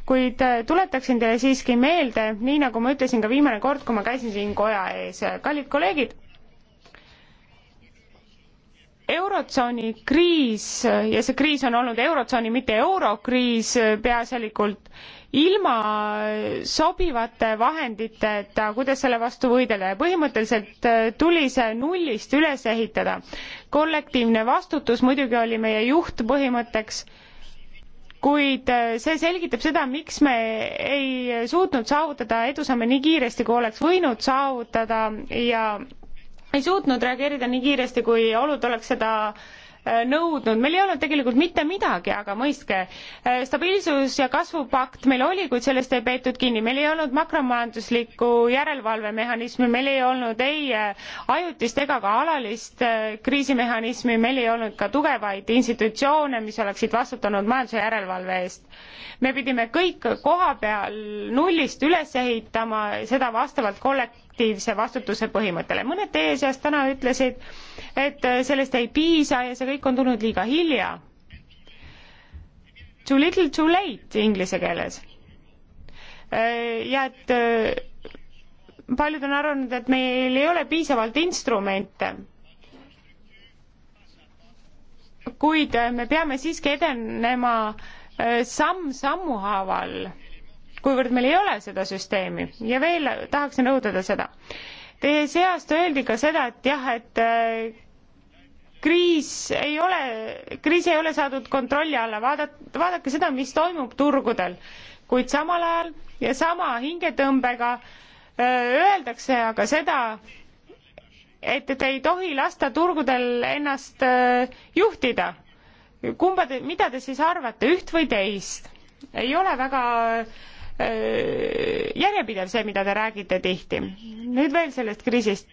kuid tuletaksin teile siiski meelde, nii nagu ma ütlesin ka viimane kord, kui ma käisin siin koja ees, kallid kolleegid, eurotsooni kriis ja see kriis on olnud eurotsooni, mitte eurokriis peaasjalikult ilma sobivate vahenditeta, kuidas selle vastu võidelda ja põhimõtteliselt äh, tuli see nullist üles ehitada. kollektiivne vastutus muidugi oli meie juhtpõhimõtteks, kuid äh, see selgitab seda, miks me ei suutnud saavutada edusamme nii kiiresti, kui oleks võinud saavutada ja ei suutnud reageerida nii kiiresti, kui olud oleks seda äh, nõudnud, meil ei olnud tegelikult mitte midagi, aga mõistke, äh, stabiilsus- ja kasvupakt meil oli, kuid sellest ei peetud kinni, meil ei olnud makromajanduslikku järelevalvemehhanismi, meil ei olnud ei äh, ajutist ega ka alalist äh, kriisimehhanismi, meil ei olnud ka tugevaid institutsioone, mis oleksid vastutanud majanduse järelevalve eest. me pidime kõik koha peal nullist üles ehitama, seda vastavalt kollektiivsele kollektiivse vastutuse põhimõttele. mõned teie seast täna ütlesid, et sellest ei piisa ja see kõik on tulnud liiga hilja. Too little too late inglise keeles. ja et äh, paljud on arvanud, et meil ei ole piisavalt instrumente kuid äh, me peame siiski edenema äh, samm sammu haaval kuivõrd meil ei ole seda süsteemi ja veel tahaksin rõhutada seda. Teie seast öeldi ka seda, et jah, et äh, kriis ei ole, kriis ei ole saadud kontrolli alla, vaadake, vaadake seda, mis toimub turgudel, kuid samal ajal ja sama hingetõmbega äh, öeldakse aga seda, et te ei tohi lasta turgudel ennast äh, juhtida. kumba te, mida te siis arvate, üht või teist? ei ole väga järjepidev see, mida te räägite tihti. nüüd veel sellest kriisist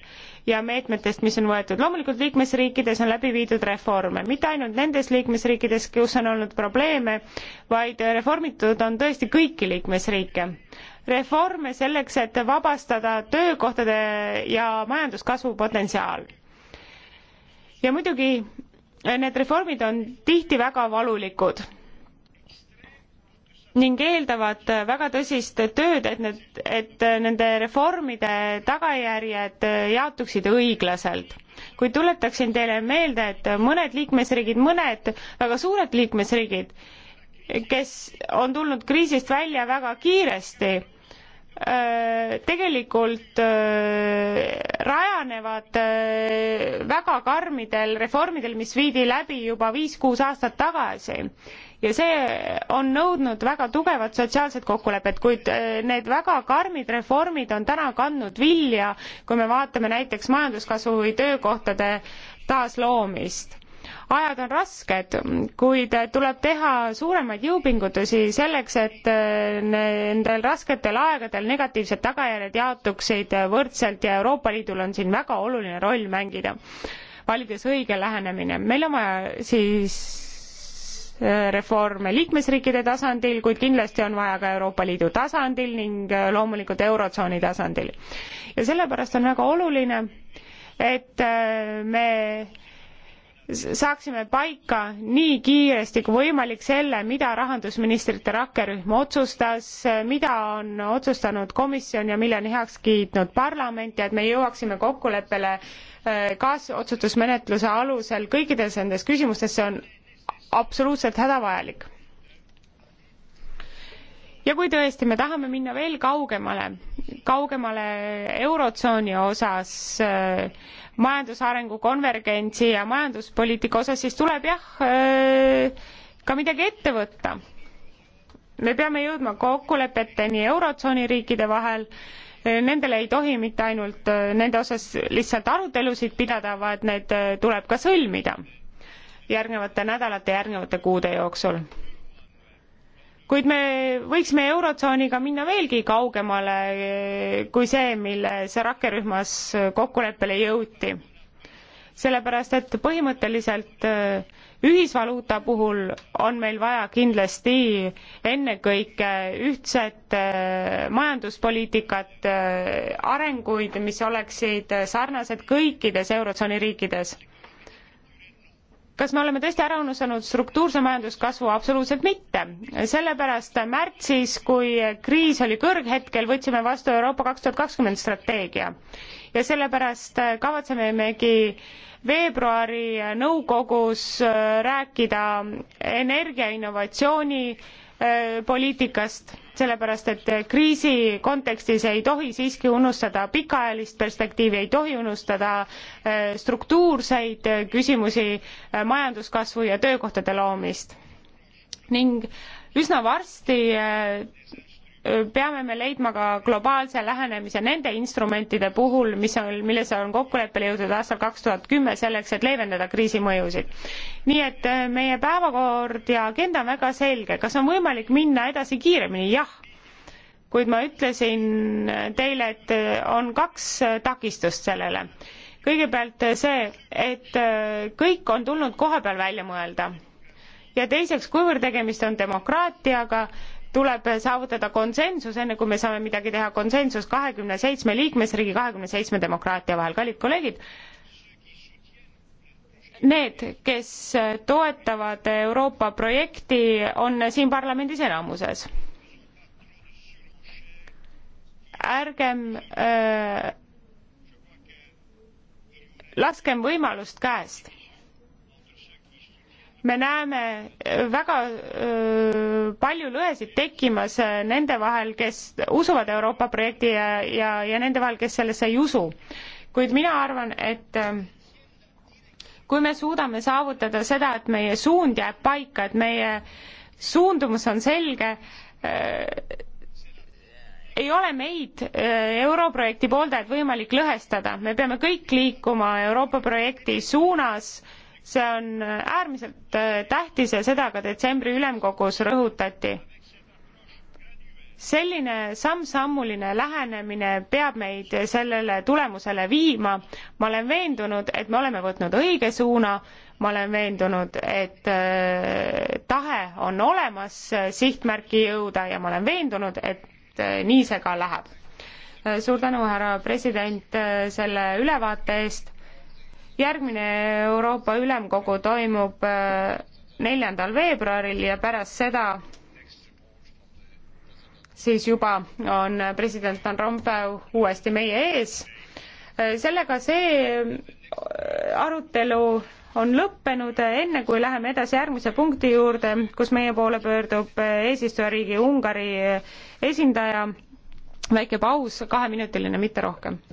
ja meetmetest, mis on võetud. loomulikult liikmesriikides on läbi viidud reforme, mitte ainult nendes liikmesriikides, kus on olnud probleeme, vaid reformitud on tõesti kõiki liikmesriike. reforme selleks, et vabastada töökohtade ja majanduskasvu potentsiaal. ja muidugi need reformid on tihti väga valulikud ning eeldavad väga tõsist tööd, et need, et nende reformide tagajärjed jaotuksid õiglaselt. kuid tuletaksin teile meelde, et mõned liikmesriigid, mõned väga suured liikmesriigid, kes on tulnud kriisist välja väga kiiresti, tegelikult rajanevad väga karmidel reformidel, mis viidi läbi juba viis-kuus aastat tagasi ja see on nõudnud väga tugevat sotsiaalset kokkulepet, kuid äh, need väga karmid reformid on täna kandnud vilja, kui me vaatame näiteks majanduskasvu või töökohtade taasloomist ajad on rasked, kuid tuleb teha suuremaid jõupingutusi selleks, et äh, nendel rasketel aegadel negatiivsed tagajärjed jaotuksid võrdselt ja Euroopa Liidul on siin väga oluline roll mängida, valides õige lähenemine. meil on vaja siis reforme liikmesriikide tasandil, kuid kindlasti on vaja ka Euroopa Liidu tasandil ning äh, loomulikult Eurotsooni tasandil. ja sellepärast on väga oluline, et äh, me saaksime paika nii kiiresti kui võimalik selle, mida rahandusministrite rakkerühm otsustas, mida on otsustanud komisjon ja mille on heaks kiitnud parlament ja et me jõuaksime kokkuleppele äh, kaasotsustusmenetluse alusel kõikides nendes küsimustes, see on absoluutselt hädavajalik. ja kui tõesti me tahame minna veel kaugemale, kaugemale Eurotsooni osas äh,, majandusarengu konvergentsi ja majanduspoliitika osas, siis tuleb jah äh, ka midagi ette võtta. me peame jõudma kokkulepeteni Eurotsooni riikide vahel äh, nendele ei tohi mitte ainult äh, nende osas lihtsalt arutelusid pidada, vaid need äh, tuleb ka sõlmida järgnevate nädalate, järgnevate kuude jooksul. kuid me võiksime Eurotsooniga minna veelgi kaugemale eh, kui see, milles rakkerühmas kokkuleppele jõuti. sellepärast, et põhimõtteliselt eh, ühisvaluuta puhul on meil vaja kindlasti ennekõike ühtset eh, majanduspoliitikat, arenguid, mis oleksid sarnased kõikides Eurotsooni riikides kas me oleme tõesti ära unustanud struktuurse majanduskasvu? absoluutselt mitte. sellepärast märtsis, kui kriis oli kõrghetkel, võtsime vastu Euroopa kaks tuhat kakskümmend strateegia ja sellepärast kavatsememegi veebruari nõukogus rääkida energiainnovatsiooni Äh, poliitikast, sellepärast et äh, kriisi kontekstis ei tohi siiski unustada pikaajalist perspektiivi, ei tohi unustada äh, struktuurseid küsimusi, majanduskasvu ja töökohtade loomist. ning üsna varsti peame me leidma ka globaalse lähenemise nende instrumentide puhul, mis on, milles on kokkuleppele jõudnud aastal kaks tuhat kümme, selleks et leevendada kriisi mõjusid. nii et eh, meie päevakord ja agenda on väga selge, kas on võimalik minna edasi kiiremini, jah. kuid ma ütlesin teile, et eh, on kaks eh, takistust sellele. kõigepealt see, et kõik on tulnud koha peal välja mõelda ja teiseks, kuivõrd tegemist on demokraatiaga, tuleb saavutada konsensus, enne kui me saame midagi teha, konsensus kahekümne seitsme liikmesriigi, kahekümne seitsme demokraatia vahel, kallid kolleegid. Need, kes toetavad Euroopa projekti, on siin parlamendis enamuses. ärgem öö, äh, laskem võimalust käest me näeme äh, väga öö, äh, palju lõhesid tekkimas äh, nende vahel, kes usuvad Euroopa projekti ja, ja, ja nende vahel, kes sellesse ei usu. kuid mina arvan, et öö, kui me suudame saavutada seda, et meie suund jääb paika, et meie suundumus on selge, ei ole meid, europrojekti pooldajad, võimalik lõhestada, me peame kõik liikuma Euroopa projekti suunas see on äärmiselt äh, tähtis ja seda ka detsembri ülemkogus rõhutati. selline samm-sammuline lähenemine peab meid sellele tulemusele viima. ma olen veendunud, et me oleme võtnud õige suuna, ma olen veendunud, et äh, tahe on olemas sihtmärki jõuda ja ma olen veendunud, et äh, nii see ka läheb. suur tänu, härra president, selle ülevaate eest järgmine Euroopa Ülemkogu toimub äh, neljandal veebruaril ja pärast seda siis juba on äh, president Van Rompuy uuesti meie ees. Äh, sellega see arutelu on lõppenud, enne kui läheme edasi järgmise punkti juurde, kus meie poole pöördub eesistujariigi Ungari esindaja, väike paus, kaheminutiline, mitte rohkem.